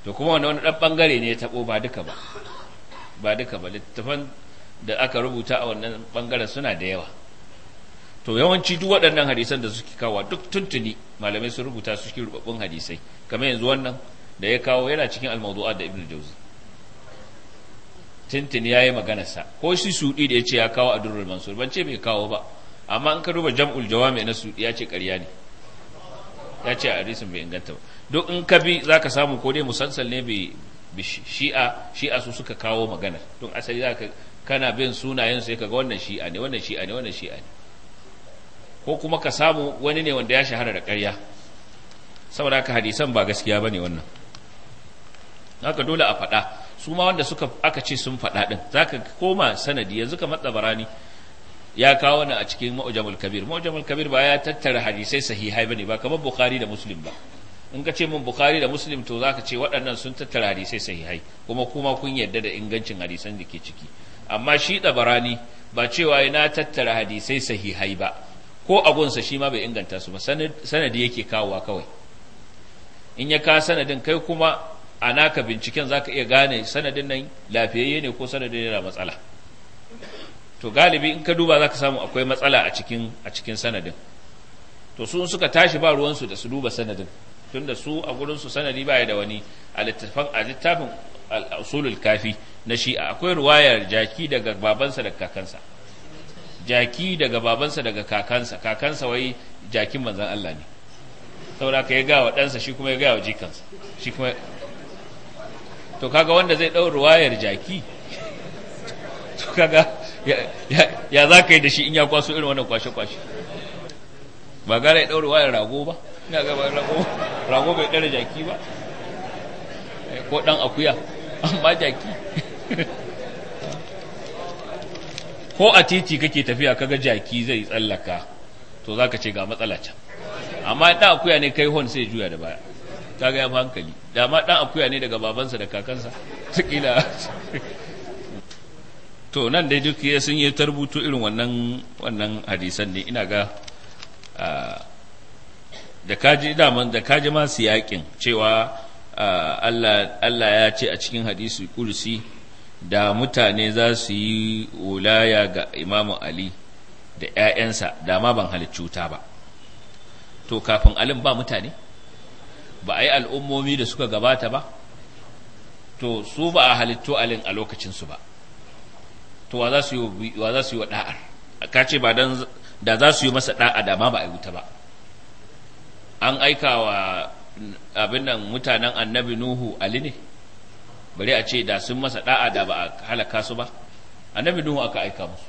B: to kuma wani wani dan bangare ne ya tabo ba duka ba ba duka ba littafan da aka rubuta a wannan bangaren suna da yawa to yawanci duk waɗannan hadisan da suke kawo duk tuntuni malamai sun rubuta su cikin rubabbun hadisai kamar yanzu wannan da ya kawo yana cikin almawdu'at da ibnu jauzi tuntuni yayi maganar sa ko shi sudi da yace ya kawo adurrul mansur ban ce bai kawo ba amma an ka duba jam'ul jawami na sudi ya ce ƙarya ne ya ce hadisin bai inganta ba duk in ka bi zaka samu ko dai musalsal ne bai shi'a shi'a su suka kawo magana don asali zaka kana bin sunayen sai kaga wannan shi'a ne wannan shi'a ne wannan shi'a ne ko kuma ka samu wani ne wanda ya shahara da ƙarya saboda haka hadisan ba gaskiya bane wannan haka dole a faɗa su ma wanda suka aka ce sun faɗa din zaka koma sanadi yanzu ka matsa barani ya kawo ni a cikin mu'jamul kabir mu'jamul kabir ba ya tattara hadisai sahihai bane ba kamar bukhari da muslim ba in ka ce mun bukhari da muslim to zaka ce waɗannan sun tattara hadisai sahihai kuma kuma kun yarda da ingancin hadisan da ke ciki amma shi ɗabarani ba cewa na tattara hadisai sahihai ba ko a gunsa shi ma bai inganta su ba sanadi yake kawowa kawai in ya ka sanadin kai kuma a naka binciken za ka iya gane sanadin nan lafiyayye ne ko sanadin yana matsala to galibi in ka duba za ka samu akwai matsala a cikin a cikin sanadin to su suka tashi ba ruwansu da su duba sanadin tunda su a gurinsu sanadi ba da wani a littafin a littafin al-usulul kafi na shi akwai ruwayar jaki daga babansa daga kakansa jaki daga babansa daga kakansa kakansa wai jakin manzan Allah ne saboda ka ya ga wa ɗansa shi kuma ya ga wa jikansa shi kuma to kaga wanda zai ɗau ruwayar jaki to kaga ya za ka yi da shi in ya kwaso irin wannan kwashe-kwashe ba gara ya ɗau ruwayar rago ba ina ga ba rago rago bai ɗara jaki ba eh, ko ɗan akuya amma jaki ko a titi kake tafiya kaga jaki zai tsallaka to za ka ce ga matsala can amma ɗan akuya ne kai hon sai juya da baya ta gaya yafi hankali dama ɗan akuya ne daga babansa da kakansa tukila to nan dai duk ya sun yi tarbuto irin wannan wannan hadisan ne ina ga da kaji daman da kaji ma siyakin cewa Allah ya ce a cikin hadisi kursi da mutane za su yi wulaya ga imamu ali da 'ya'yansa da ma ban halicci wuta ba to kafin alin ba mutane ba a yi al'ummomi da suka gabata ba to su ba a halittu alin a lokacinsu ba to wa za su yi wa da'ar ka ce ba don da za su yi masa da'a da ma ba a yi wuta ba an aika wa abin nan mutanen annabi nuhu ali ne bari a ce da sun masa da'a da ba a halaka su ba annabi nuhu aka aika musu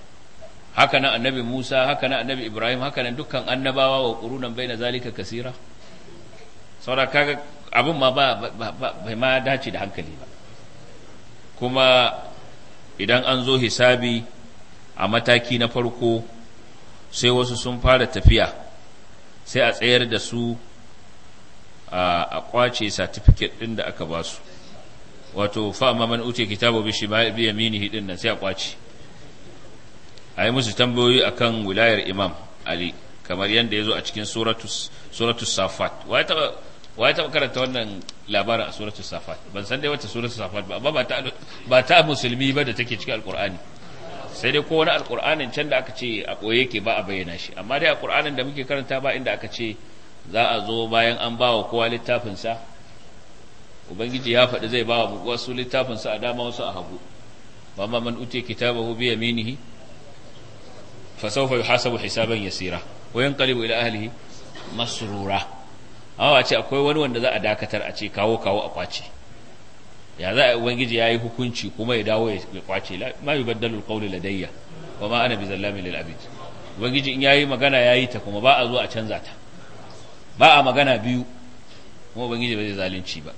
B: haka nan annabi musa haka nan annabi ibrahim haka nan dukkan annabawa wa qurunan baina zalika kasira saboda kaga abin ma ba bai ma dace da hankali ba kuma idan an zo hisabi a mataki na farko sai wasu sun fara tafiya sai a tsayar da su a kwace satifiket ɗin da aka ba su wato fa amma man uce kitabu bi shi bi yamini hidin nan sai a kwaci ayi musu tambayoyi akan wilayar imam ali kamar yadda yazo a cikin suratus suratus safat wai ta wai karanta wannan labarin a suratus safat ban san dai wata suratus safat ba ba ta musulmi ba da take cikin alqur'ani sai dai ko wani alqur'anin can da aka ce a boye yake ba a bayyana shi amma dai alqur'anin da muke karanta ba inda aka ce za a zo bayan an bawa kowa littafinsa ubangiji ya faɗi zai ba wa wasu littafin sa a dama wasu a hagu ba ma man uti kitabahu bi yaminihi fa sawfa yuhasabu hisaban yasira wa yanqalibu ila ahlihi masrura amma a ce akwai wani wanda za a dakatar a ce kawo kawo a kwace ya za a ubangiji ya yi hukunci kuma ya dawo ya kwace ma yubaddalu alqawlu ladayya wa ma ana bizallamin lil abid ubangiji in yayi magana yayi ta kuma ba a zo a canza ta ba a magana biyu kuma ubangiji ba zai zalunci ba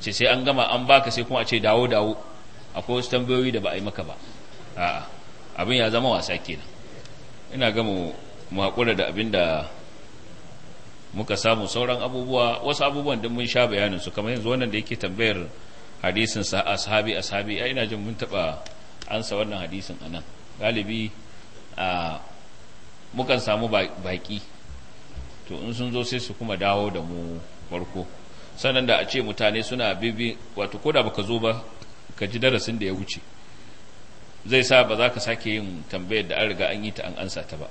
B: ce sai an gama an baka sai kuma a ce dawo dawo akwai wasu tambayoyi da ba a yi maka ba a'a abin ya zama wasa kenan ina gama mu haƙura da abin da muka samu sauran abubuwa wasu abubuwan da mun sha bayanin su kamar yanzu wannan da yake tambayar hadisin sa ashabi ashabi ai ina jin mun taba ansa wannan hadisin a nan galibi a mukan samu baƙi to in sun zo sai su kuma dawo da mu farko sannan da a ce mutane suna bibi wato ko da baka zo ba ka ji darasin da ya wuce zai sa ba za ka sake yin tambayar da an riga an yi ta an ansa ta ba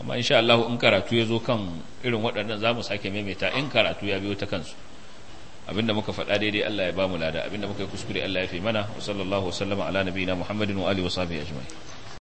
B: amma insha Allah in karatu ya zo kan irin waɗannan za mu sake maimaita in karatu ya biyo ta kansu abinda muka faɗa daidai Allah ya ba mu lada abinda muka yi kuskure Allah ya fi mana wa sallallahu wa sallama ala nabiyina Muhammadin wa alihi wa sahbihi ajma'in